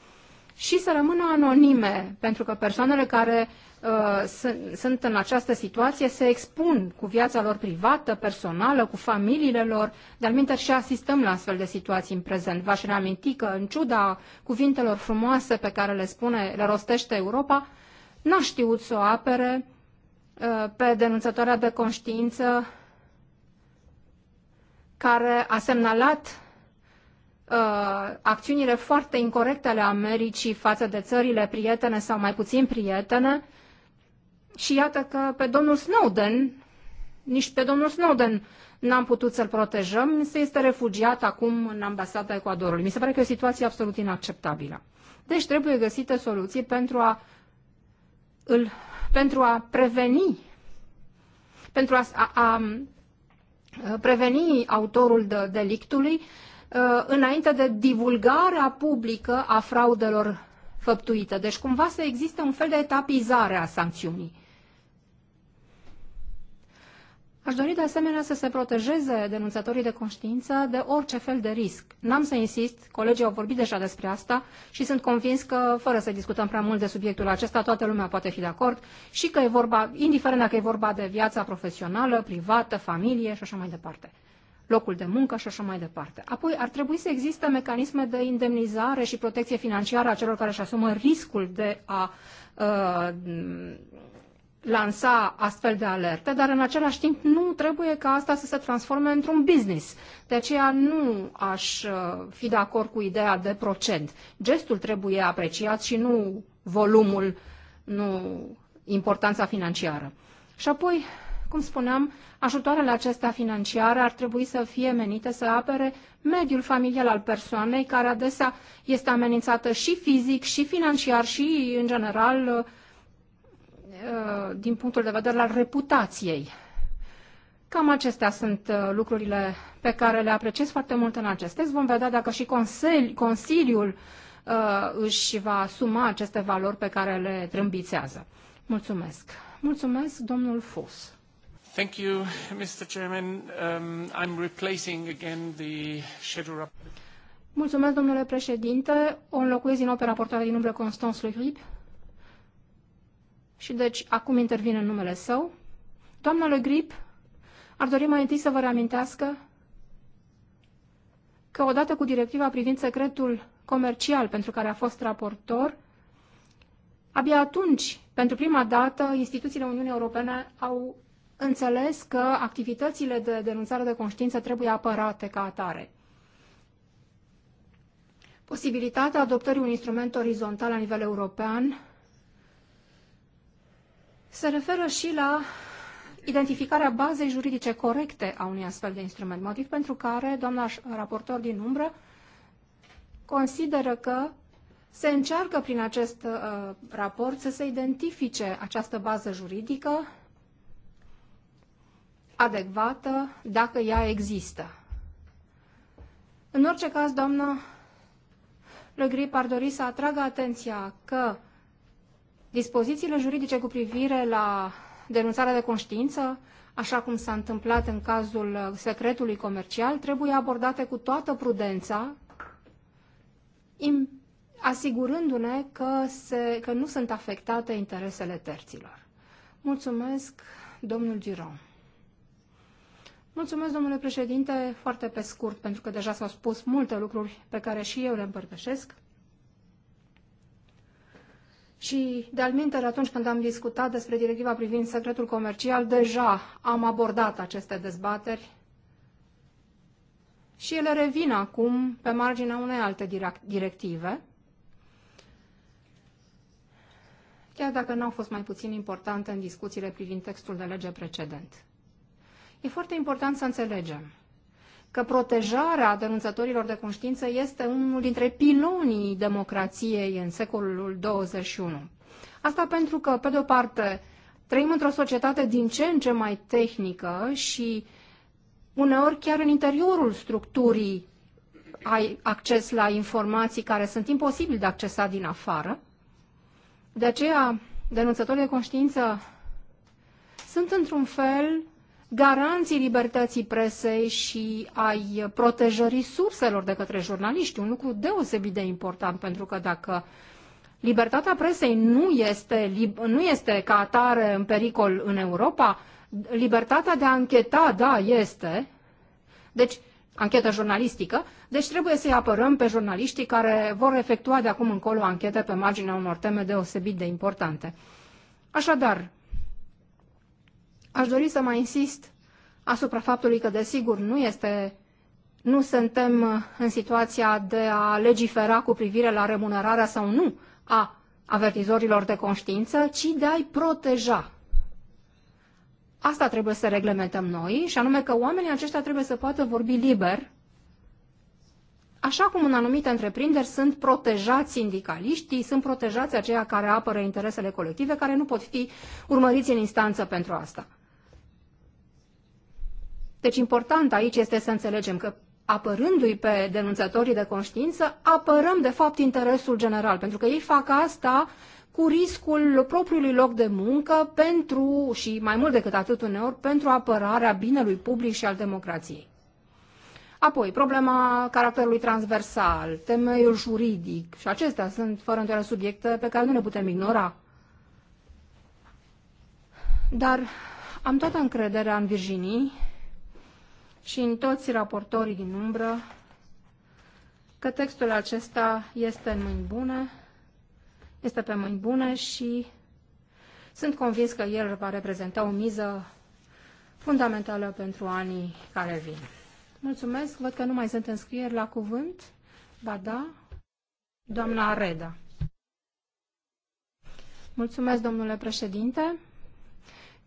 și să rămână anonime, pentru că persoanele care uh, sunt, sunt în această situație se expun cu viața lor privată, personală, cu familiile lor. De-al și asistăm la astfel de situații în prezent. V-aș reaminti că, în ciuda cuvintelor frumoase pe care le spune, le rostește Europa, n-a știut să o apere uh, pe denunțătoarea de conștiință care a semnalat uh, acțiunile foarte incorrecte ale Americii față de țările prietene sau mai puțin prietene. Și iată că pe domnul Snowden, nici pe domnul Snowden n-am putut să-l protejăm, se este refugiat acum în ambasada Ecuadorului. Mi se pare că e o situație absolut inacceptabilă. Deci trebuie găsite soluții pentru a, îl, pentru a preveni, pentru a, a, a preveni autorul de, delictului Uh, înainte de divulgarea publică a fraudelor făptuite. Deci cumva să existe un fel de etapizare a sancțiunii. Aș dori de asemenea să se protejeze denunțătorii de conștiință de orice fel de risc. N-am să insist, colegii au vorbit deja despre asta și sunt convins că, fără să discutăm prea mult de subiectul acesta, toată lumea poate fi de acord și că e vorba, indiferent dacă e vorba de viața profesională, privată, familie și așa mai departe locul de muncă și așa mai departe. Apoi ar trebui să existe mecanisme de indemnizare și protecție financiară a celor care își asumă riscul de a uh, lansa astfel de alerte, dar în același timp nu trebuie ca asta să se transforme într-un business. De aceea nu aș uh, fi de acord cu ideea de procent. Gestul trebuie apreciat și nu volumul, nu importanța financiară. Și apoi cum spuneam, ajutoarele acestea financiare ar trebui să fie menite să apere mediul familial al persoanei, care adesea este amenințată și fizic, și financiar, și, în general, uh, din punctul de vedere al reputației. Cam acestea sunt uh, lucrurile pe care le apreciez foarte mult în acest text. Vom vedea dacă și consili, Consiliul uh, își va asuma aceste valori pe care le trâmbițează. Mulțumesc. Mulțumesc, domnul Fos. Thank you, Mr. Chairman. Um, I'm replacing again the shadow Mulțumesc, domnule președinte. O înlocuiesc din nou pe raportoarea din umbră Constance Le Grip. Și deci acum intervin în numele său. Doamna Le Grip, ar dori mai întâi să vă reamintească că odată cu directiva privind secretul comercial pentru care a fost raportor, abia atunci, pentru prima dată, instituțiile Uniunii Europene au înțeles că activitățile de denunțare de conștiință trebuie apărate ca atare. Posibilitatea adoptării unui instrument orizontal la nivel european se referă și la identificarea bazei juridice corecte a unui astfel de instrument, motiv pentru care doamna raportor din umbră consideră că se încearcă prin acest uh, raport să se identifice această bază juridică adecvată dacă ea există. În orice caz, doamna Le Grip ar dori să atragă atenția că dispozițiile juridice cu privire la denunțarea de conștiință, așa cum s-a întâmplat în cazul secretului comercial, trebuie abordate cu toată prudența, asigurându-ne că, se, că nu sunt afectate interesele terților. Mulțumesc, domnul Giron. Mulțumesc, domnule președinte, foarte pe scurt, pentru că deja s-au spus multe lucruri pe care și eu le împărtășesc. Și, de-al atunci când am discutat despre directiva privind secretul comercial, deja am abordat aceste dezbateri și ele revin acum pe marginea unei alte directive, chiar dacă n-au fost mai puțin importante în discuțiile privind textul de lege precedent. E foarte important să înțelegem că protejarea denunțătorilor de conștiință este unul dintre pilonii democrației în secolul 21. Asta pentru că, pe de-o parte, trăim într-o societate din ce în ce mai tehnică și uneori chiar în interiorul structurii ai acces la informații care sunt imposibil de accesat din afară. De aceea, denunțătorii de conștiință sunt într-un fel garanții libertății presei și ai protejării surselor de către jurnaliști, un lucru deosebit de important, pentru că dacă libertatea presei nu este, nu este ca atare în pericol în Europa, libertatea de a încheta, da, este. Deci, anchetă jurnalistică, deci trebuie să-i apărăm pe jurnaliștii care vor efectua de acum încolo anchete pe marginea unor teme deosebit de importante. Așadar, Aș dori să mai insist asupra faptului că, desigur, nu este nu suntem în situația de a legifera cu privire la remunerarea sau nu a avertizorilor de conștiință, ci de a-i proteja. Asta trebuie să reglementăm noi, și anume că oamenii aceștia trebuie să poată vorbi liber, așa cum în anumite întreprinderi sunt protejați sindicaliștii, sunt protejați aceia care apără interesele colective, care nu pot fi urmăriți în instanță pentru asta. Deci important aici este să înțelegem că apărându-i pe denunțătorii de conștiință, apărăm de fapt interesul general, pentru că ei fac asta cu riscul propriului loc de muncă pentru, și mai mult decât atât uneori, pentru apărarea binelui public și al democrației. Apoi, problema caracterului transversal, temeiul juridic și acestea sunt fără îndoială subiecte pe care nu le putem ignora. Dar am toată încrederea în Virginie și în toți raportorii din umbră că textul acesta este în mâini bune, este pe mâini bune și sunt convins că el va reprezenta o miză fundamentală pentru anii care vin. Mulțumesc, văd că nu mai sunt înscrieri la cuvânt. Ba da, doamna Reda. Mulțumesc, domnule președinte.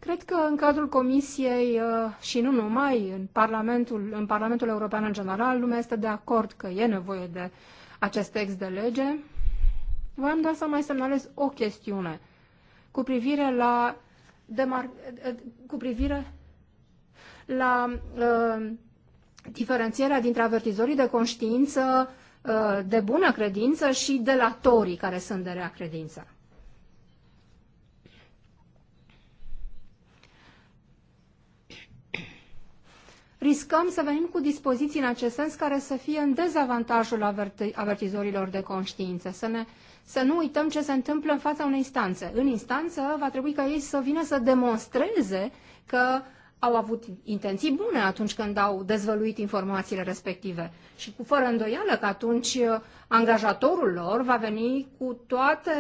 Cred că în cadrul Comisiei uh, și nu numai, în Parlamentul, în Parlamentul European în general, lumea este de acord că e nevoie de acest text de lege. Voiam doar să mai semnalez o chestiune cu privire la, demar- uh, cu privire la uh, diferențierea dintre avertizorii de conștiință uh, de bună credință și delatorii care sunt de rea credință. riscăm să venim cu dispoziții în acest sens care să fie în dezavantajul avertizorilor de conștiință. Să, ne, să nu uităm ce se întâmplă în fața unei instanțe. În instanță va trebui ca ei să vină să demonstreze că au avut intenții bune atunci când au dezvăluit informațiile respective. Și cu fără îndoială că atunci uh, angajatorul lor va veni cu, toate,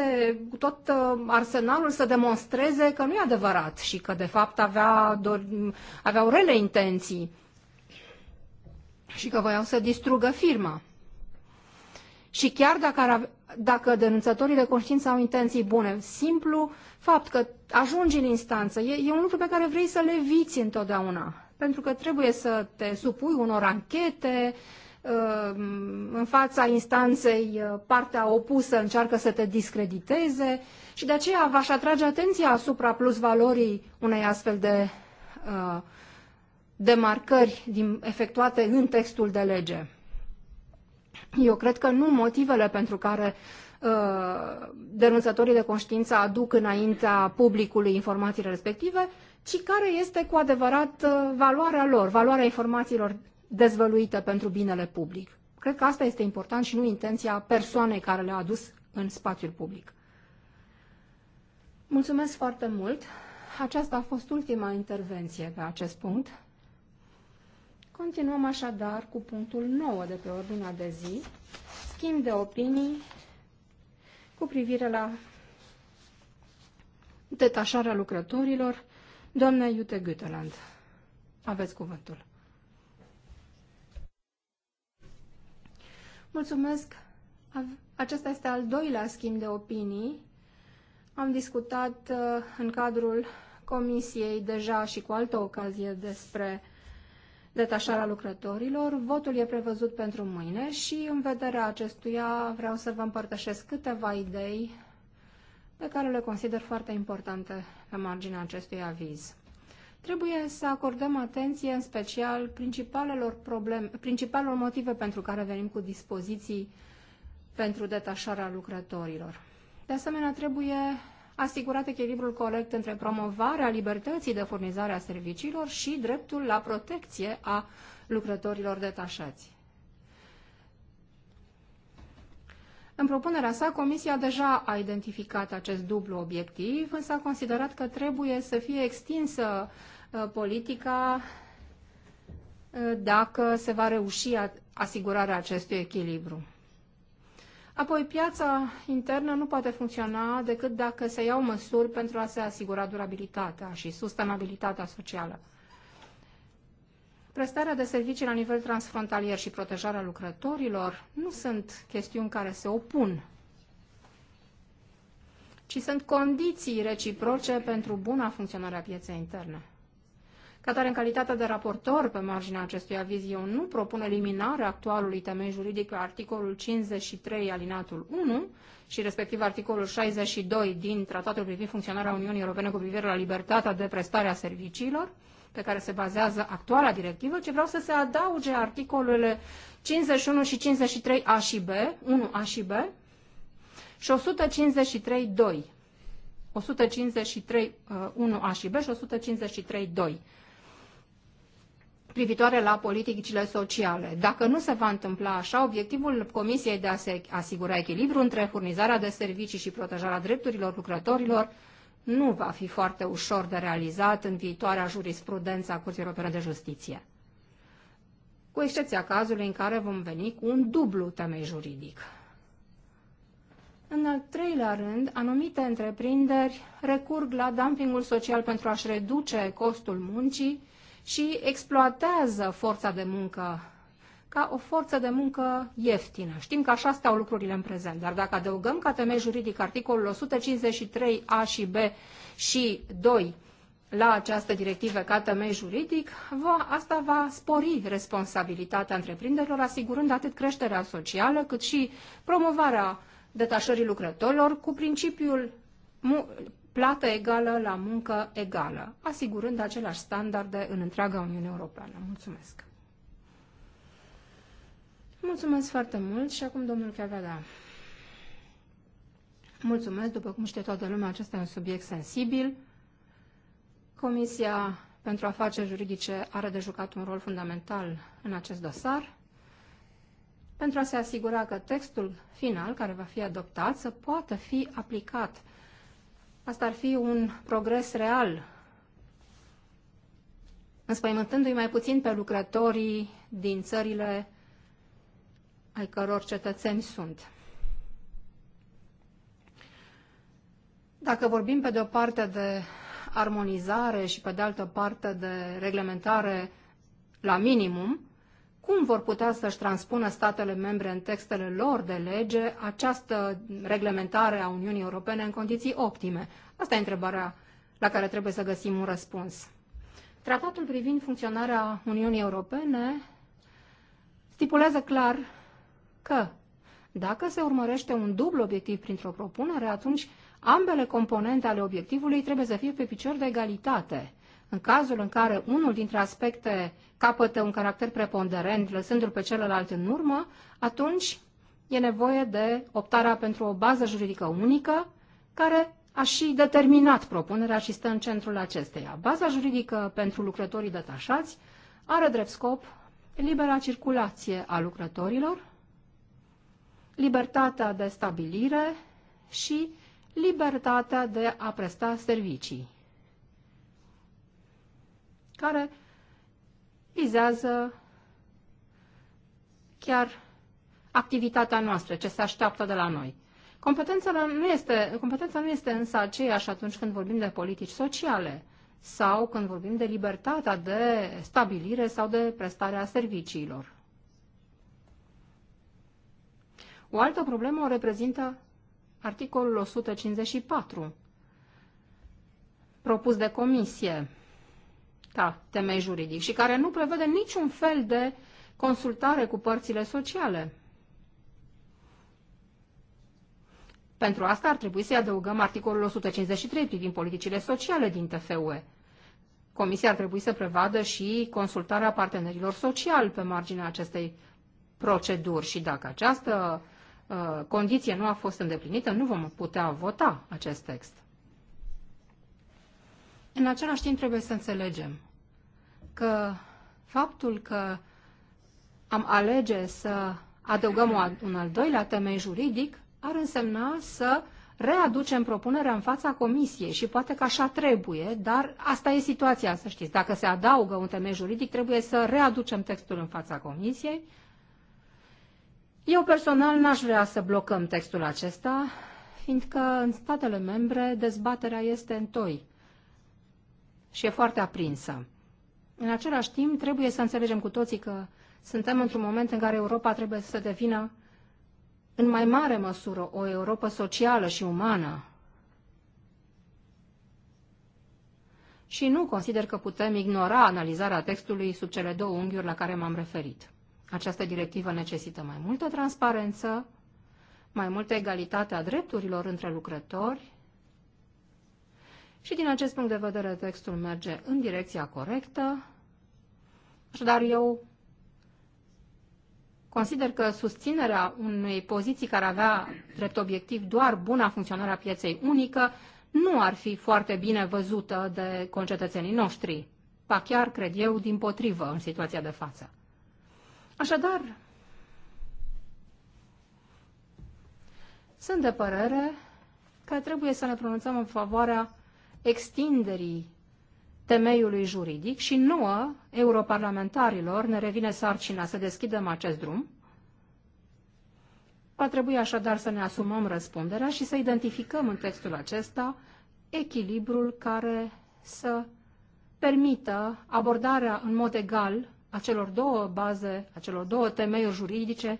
cu tot uh, arsenalul să demonstreze că nu e adevărat și că de fapt avea, dor, aveau rele intenții și că voiau să distrugă firma. Și chiar dacă, ar, dacă denunțătorii de conștiință au intenții bune, simplu fapt că ajungi în instanță e, e un lucru pe care vrei să le viți întotdeauna. Pentru că trebuie să te supui unor anchete, uh, în fața instanței uh, partea opusă încearcă să te discrediteze și de aceea v-aș atrage atenția asupra plusvalorii unei astfel de uh, demarcări din, efectuate în textul de lege. Eu cred că nu motivele pentru care uh, denunțătorii de conștiință aduc înaintea publicului informațiile respective, ci care este cu adevărat uh, valoarea lor, valoarea informațiilor dezvăluite pentru binele public. Cred că asta este important și nu intenția persoanei care le-a adus în spațiul public. Mulțumesc foarte mult! Aceasta a fost ultima intervenție pe acest punct. Continuăm așadar cu punctul 9 de pe ordinea de zi, schimb de opinii cu privire la detașarea lucrătorilor. Doamna Iute Güteland, aveți cuvântul. Mulțumesc. Acesta este al doilea schimb de opinii. Am discutat uh, în cadrul comisiei deja și cu altă ocazie despre detașarea lucrătorilor. Votul e prevăzut pentru mâine și în vederea acestuia vreau să vă împărtășesc câteva idei pe care le consider foarte importante pe marginea acestui aviz. Trebuie să acordăm atenție în special principalelor, probleme, principalelor motive pentru care venim cu dispoziții pentru detașarea lucrătorilor. De asemenea, trebuie asigurat echilibrul corect între promovarea libertății de furnizare a serviciilor și dreptul la protecție a lucrătorilor detașați. În propunerea sa, Comisia deja a identificat acest dublu obiectiv, însă a considerat că trebuie să fie extinsă ă, politica ă, dacă se va reuși asigurarea acestui echilibru. Apoi, piața internă nu poate funcționa decât dacă se iau măsuri pentru a se asigura durabilitatea și sustenabilitatea socială. Prestarea de servicii la nivel transfrontalier și protejarea lucrătorilor nu sunt chestiuni care se opun, ci sunt condiții reciproce pentru buna funcționare a pieței interne. Ca tare, în calitate de raportor pe marginea acestui aviz, eu nu propun eliminarea actualului temei juridic articolul 53 alinatul 1 și respectiv articolul 62 din Tratatul privind funcționarea Uniunii Europene cu privire la libertatea de prestare a serviciilor, pe care se bazează actuala directivă, ci vreau să se adauge articolele 51 și 53 A și B, 1 A și B, și 153 2. 153 1 A și B și 153 2 privitoare la politicile sociale. Dacă nu se va întâmpla așa, obiectivul Comisiei de a se asigura echilibru între furnizarea de servicii și protejarea drepturilor lucrătorilor nu va fi foarte ușor de realizat în viitoarea jurisprudență a Curții Europene de Justiție. Cu excepția cazului în care vom veni cu un dublu temei juridic. În al treilea rând, anumite întreprinderi recurg la dumpingul social pentru a-și reduce costul muncii și exploatează forța de muncă ca o forță de muncă ieftină. Știm că așa stau lucrurile în prezent, dar dacă adăugăm ca temei juridic articolul 153a și b și 2 la această directivă ca temei juridic, va, asta va spori responsabilitatea întreprinderilor, asigurând atât creșterea socială, cât și promovarea detașării lucrătorilor cu principiul plată egală la muncă egală, asigurând aceleași standarde în întreaga Uniune Europeană. Mulțumesc! Mulțumesc foarte mult și acum domnul Cavada. Mulțumesc, după cum știe toată lumea, acesta e un subiect sensibil. Comisia pentru afaceri juridice are de jucat un rol fundamental în acest dosar pentru a se asigura că textul final care va fi adoptat să poată fi aplicat Asta ar fi un progres real, înspăimântându-i mai puțin pe lucrătorii din țările ai căror cetățeni sunt. Dacă vorbim pe de o parte de armonizare și pe de altă parte de reglementare la minimum, cum vor putea să-și transpună statele membre în textele lor de lege această reglementare a Uniunii Europene în condiții optime? Asta e întrebarea la care trebuie să găsim un răspuns. Tratatul privind funcționarea Uniunii Europene stipulează clar că dacă se urmărește un dublu obiectiv printr-o propunere, atunci ambele componente ale obiectivului trebuie să fie pe picior de egalitate. În cazul în care unul dintre aspecte capătă un caracter preponderent, lăsându-l pe celălalt în urmă, atunci e nevoie de optarea pentru o bază juridică unică, care a și determinat propunerea și stă în centrul acesteia. Baza juridică pentru lucrătorii detașați are drept scop libera circulație a lucrătorilor, libertatea de stabilire și libertatea de a presta servicii care vizează chiar activitatea noastră, ce se așteaptă de la noi. Competența nu este, competența nu este însă aceeași atunci când vorbim de politici sociale sau când vorbim de libertatea de stabilire sau de prestarea serviciilor. O altă problemă o reprezintă articolul 154 propus de comisie, da, temei juridic și care nu prevede niciun fel de consultare cu părțile sociale. Pentru asta ar trebui să-i adăugăm articolul 153 privind politicile sociale din TFUE. Comisia ar trebui să prevadă și consultarea partenerilor sociali pe marginea acestei proceduri și dacă această uh, condiție nu a fost îndeplinită, nu vom putea vota acest text. În același timp trebuie să înțelegem că faptul că am alege să adăugăm un al doilea temei juridic ar însemna să readucem propunerea în fața comisiei și poate că așa trebuie, dar asta e situația, să știți. Dacă se adaugă un temei juridic, trebuie să readucem textul în fața comisiei. Eu personal n-aș vrea să blocăm textul acesta, fiindcă în statele membre dezbaterea este întoi. toi și e foarte aprinsă. În același timp, trebuie să înțelegem cu toții că suntem într-un moment în care Europa trebuie să devină în mai mare măsură o Europa socială și umană. Și nu consider că putem ignora analizarea textului sub cele două unghiuri la care m-am referit. Această directivă necesită mai multă transparență, mai multă egalitate a drepturilor între lucrători și din acest punct de vedere, textul merge în direcția corectă, așadar eu consider că susținerea unei poziții care avea drept obiectiv doar buna funcționare a pieței unică nu ar fi foarte bine văzută de concetățenii noștri, pa chiar, cred eu, din potrivă în situația de față. Așadar, sunt de părere că trebuie să ne pronunțăm în favoarea extinderii temeiului juridic și nouă, europarlamentarilor, ne revine sarcina să deschidem acest drum. Va trebui așadar să ne asumăm răspunderea și să identificăm în textul acesta echilibrul care să permită abordarea în mod egal a celor două baze, a celor două temeiuri juridice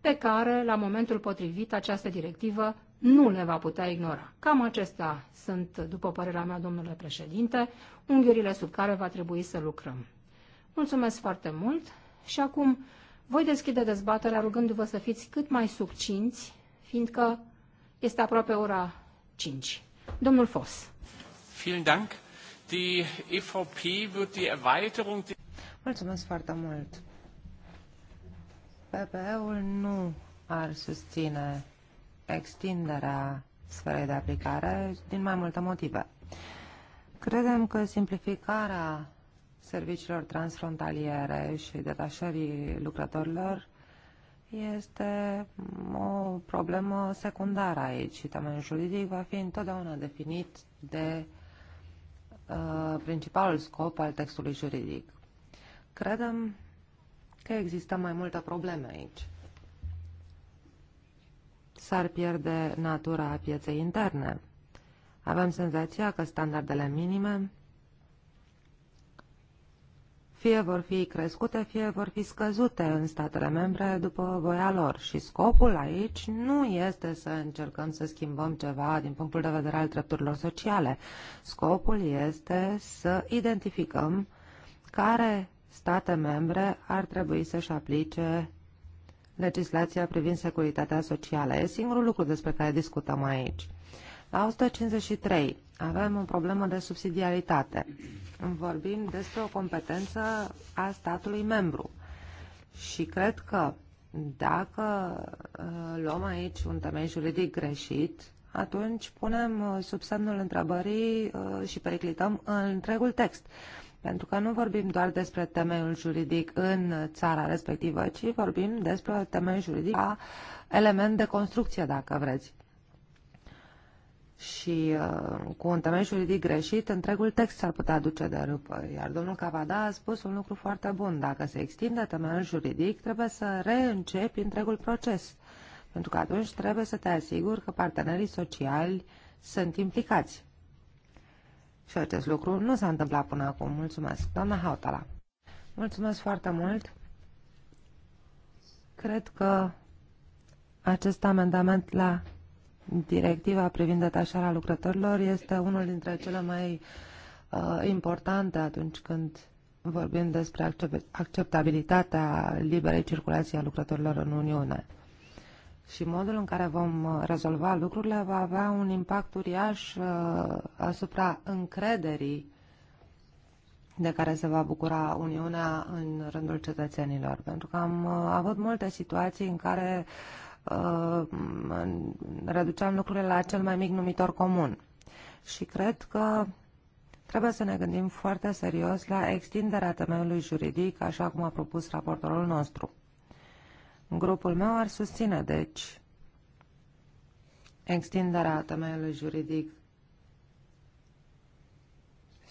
pe care, la momentul potrivit, această directivă nu le va putea ignora. Cam acestea sunt, după părerea mea, domnule președinte, unghiurile sub care va trebui să lucrăm. Mulțumesc foarte mult și acum voi deschide dezbaterea rugându-vă să fiți cât mai succinți, fiindcă este aproape ora 5. Domnul Foss. Vielen Dank. Die EVP wird die Erweiterung... Mulțumesc foarte mult. PPE-ul nu ar susține extinderea sferei de aplicare din mai multe motive. Credem că simplificarea serviciilor transfrontaliere și detașării lucrătorilor este o problemă secundară aici și termenul juridic va fi întotdeauna definit de uh, principalul scop al textului juridic. Credem că există mai multe probleme aici s-ar pierde natura pieței interne. Avem senzația că standardele minime fie vor fi crescute, fie vor fi scăzute în statele membre după voia lor. Și scopul aici nu este să încercăm să schimbăm ceva din punctul de vedere al drepturilor sociale. Scopul este să identificăm care state membre ar trebui să-și aplice legislația privind securitatea socială. E singurul lucru despre care discutăm aici. La 153 avem o problemă de subsidiaritate. Vorbim despre o competență a statului membru. Și cred că dacă uh, luăm aici un temei juridic greșit, atunci punem uh, sub semnul întrebării uh, și periclităm întregul text. Pentru că nu vorbim doar despre temeiul juridic în țara respectivă, ci vorbim despre temeiul juridic ca element de construcție, dacă vreți. Și uh, cu un temei juridic greșit, întregul text s-ar putea duce de râpă. Iar domnul Cavada a spus un lucru foarte bun. Dacă se extinde temeiul juridic, trebuie să reîncepi întregul proces. Pentru că atunci trebuie să te asiguri că partenerii sociali sunt implicați. Și acest lucru nu s-a întâmplat până acum. Mulțumesc. Doamna Hautala. Mulțumesc foarte mult. Cred că acest amendament la directiva privind detașarea lucrătorilor este unul dintre cele mai uh, importante atunci când vorbim despre acceptabilitatea liberei circulației a lucrătorilor în Uniune și modul în care vom uh, rezolva lucrurile va avea un impact uriaș uh, asupra încrederii de care se va bucura Uniunea în rândul cetățenilor. Pentru că am uh, avut multe situații în care reduceam lucrurile la cel mai mic numitor comun. Și cred că trebuie să ne gândim foarte serios la extinderea temeiului juridic, așa cum a propus raportorul nostru. Grupul meu ar susține, deci, extinderea temeiului juridic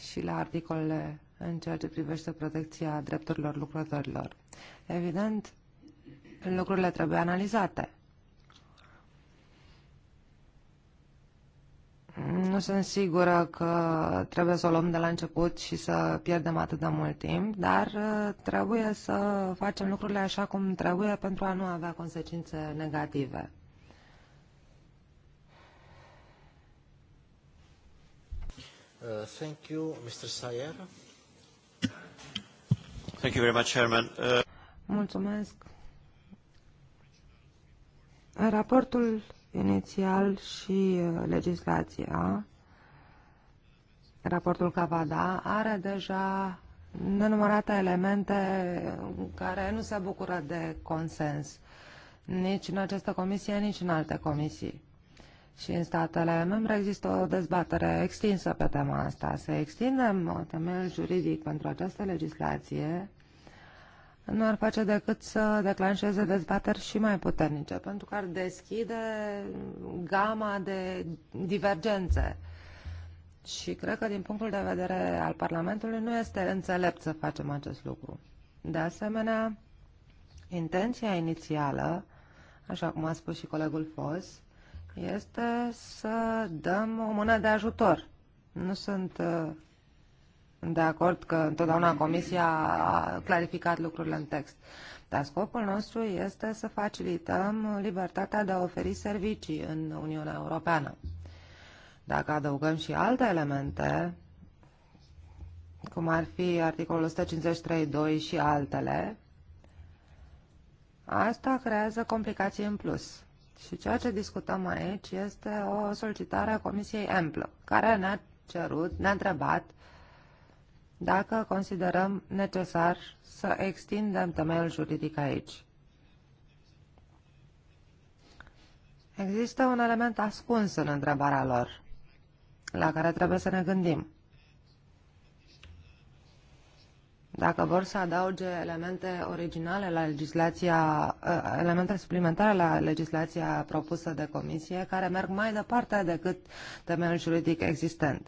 și la articolele în ceea ce privește protecția drepturilor lucrătorilor. Evident, lucrurile trebuie analizate Nu sunt sigură că trebuie să o luăm de la început și să pierdem atât de mult timp, dar uh, trebuie să facem lucrurile așa cum trebuie pentru a nu avea consecințe negative. Uh, thank you, Mr. Sayer. Thank you very much, Chairman. Uh... Mulțumesc. Raportul inițial și uh, legislația, raportul Cavada, are deja nenumărate elemente care nu se bucură de consens, nici în această comisie, nici în alte comisii. Și în statele membre există o dezbatere extinsă pe tema asta. Să extindem uh, temeiul juridic pentru această legislație nu ar face decât să declanșeze dezbateri și mai puternice, pentru că ar deschide gama de divergențe. Și cred că din punctul de vedere al Parlamentului nu este înțelept să facem acest lucru. De asemenea, intenția inițială, așa cum a spus și colegul Fos, este să dăm o mână de ajutor. Nu sunt uh, de acord că întotdeauna Comisia a clarificat lucrurile în text. Dar scopul nostru este să facilităm libertatea de a oferi servicii în Uniunea Europeană. Dacă adăugăm și alte elemente, cum ar fi articolul 153.2 și altele, asta creează complicații în plus. Și ceea ce discutăm aici este o solicitare a Comisiei Amplă, care ne-a cerut, ne-a întrebat dacă considerăm necesar să extindem temeiul juridic aici. Există un element ascuns în întrebarea lor, la care trebuie să ne gândim. Dacă vor să adauge elemente originale la legislația, ă, elemente suplimentare la legislația propusă de comisie, care merg mai departe decât temeiul juridic existent.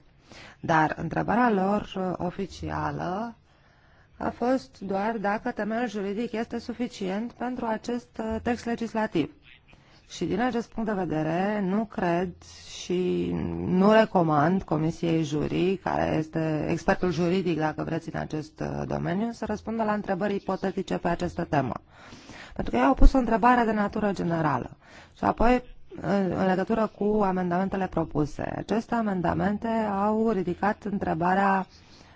Dar întrebarea lor uh, oficială a fost doar dacă temeiul juridic este suficient pentru acest uh, text legislativ. Și din acest punct de vedere, nu cred și nu recomand Comisiei Jurii, care este expertul juridic, dacă vreți, în acest uh, domeniu, să răspundă la întrebări ipotetice pe această temă. Pentru că ei au pus o întrebare de natură generală. Și apoi în legătură cu amendamentele propuse. Aceste amendamente au ridicat întrebarea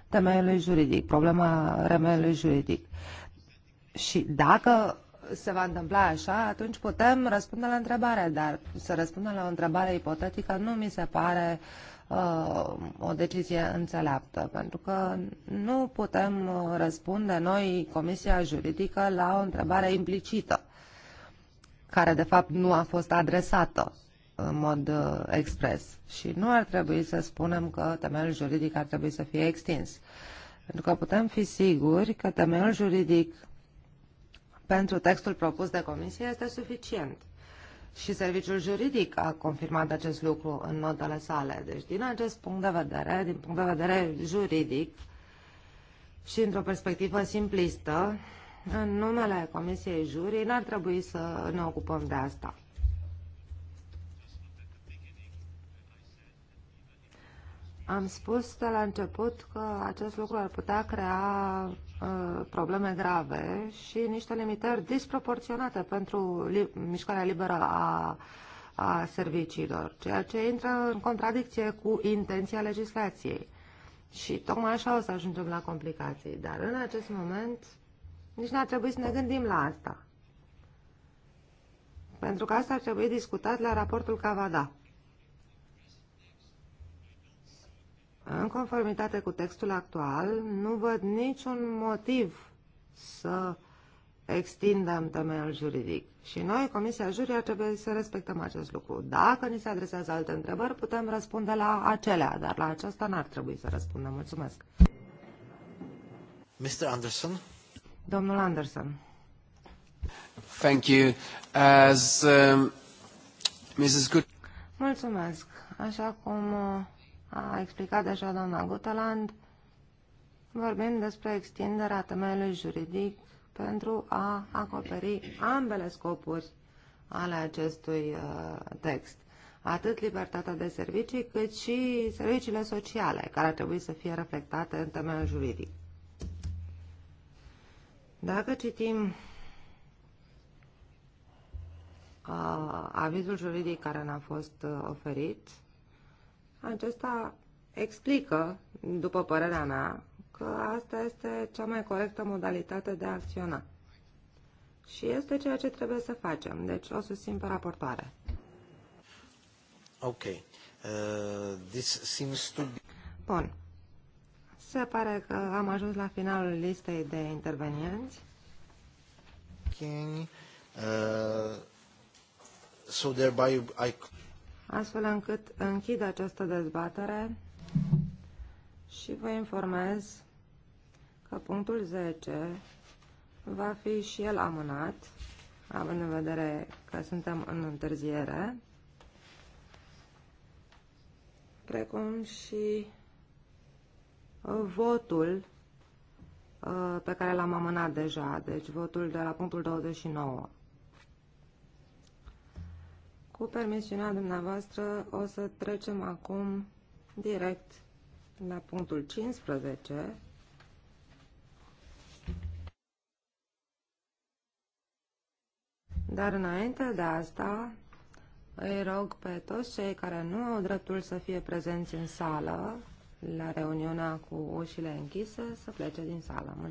temeiului juridic, problema temeiului juridic. Și dacă se va întâmpla așa, atunci putem răspunde la întrebare, dar să răspundem la o întrebare ipotetică nu mi se pare uh, o decizie înțeleaptă, pentru că nu putem răspunde noi, Comisia Juridică, la o întrebare implicită. Uh, care de fapt nu a fost adresată în mod uh, expres. Și nu ar trebui să spunem că temeiul juridic ar trebui să fie extins. Pentru că putem fi siguri că temeiul juridic pentru textul propus de comisie este suficient. Și serviciul juridic a confirmat acest lucru în notele sale. Deci, din acest punct de vedere, din punct de vedere juridic și într-o perspectivă simplistă, în numele Comisiei Jurii n-ar trebui să ne ocupăm de asta. Am spus de la început că acest lucru ar putea crea uh, probleme grave și niște limitări disproporționate pentru li mișcarea liberă a, a serviciilor, ceea ce intră în contradicție cu intenția legislației. Și tocmai așa o să ajungem la complicații. Dar în acest moment nici n-ar trebui să ne gândim la asta. Pentru că asta ar trebui discutat la raportul Cavada. În conformitate cu textul actual, nu văd niciun motiv să extindem temeiul juridic. Și noi, Comisia Juria, trebuie să respectăm acest lucru. Dacă ni se adresează alte întrebări, putem răspunde la acelea, dar la aceasta n-ar trebui să răspundem. Mulțumesc. Mr. Anderson. Domnul Anderson. Thank you. As um, Mrs. Good... Mulțumesc. Așa cum uh, a explicat deja doamna Guteland, vorbim despre extinderea temeiului juridic pentru a acoperi ambele scopuri ale acestui uh, text. Atât libertatea de servicii, cât și serviciile sociale, care ar trebui să fie reflectate în temeiul juridic. Dacă citim uh, avizul juridic care ne-a fost uh, oferit, acesta explică, după părerea mea, că asta este cea mai corectă modalitate de a acționa. Și este ceea ce trebuie să facem. Deci o susțin pe raportoare. Ok. Uh, this seems to be... Bun. Se pare că am ajuns la finalul listei de intervenienți. King, uh, so thereby I... Astfel încât închid această dezbatere și vă informez că punctul 10 va fi și el amânat, având în vedere că suntem în întârziere, precum și votul uh, pe care l-am amânat deja, deci votul de la punctul 29. Cu permisiunea dumneavoastră o să trecem acum direct la punctul 15, Dar înainte de asta, îi rog pe toți cei care nu au dreptul să fie prezenți în sală la reuniunea cu ușile închise să plece din sală. Mulțumesc.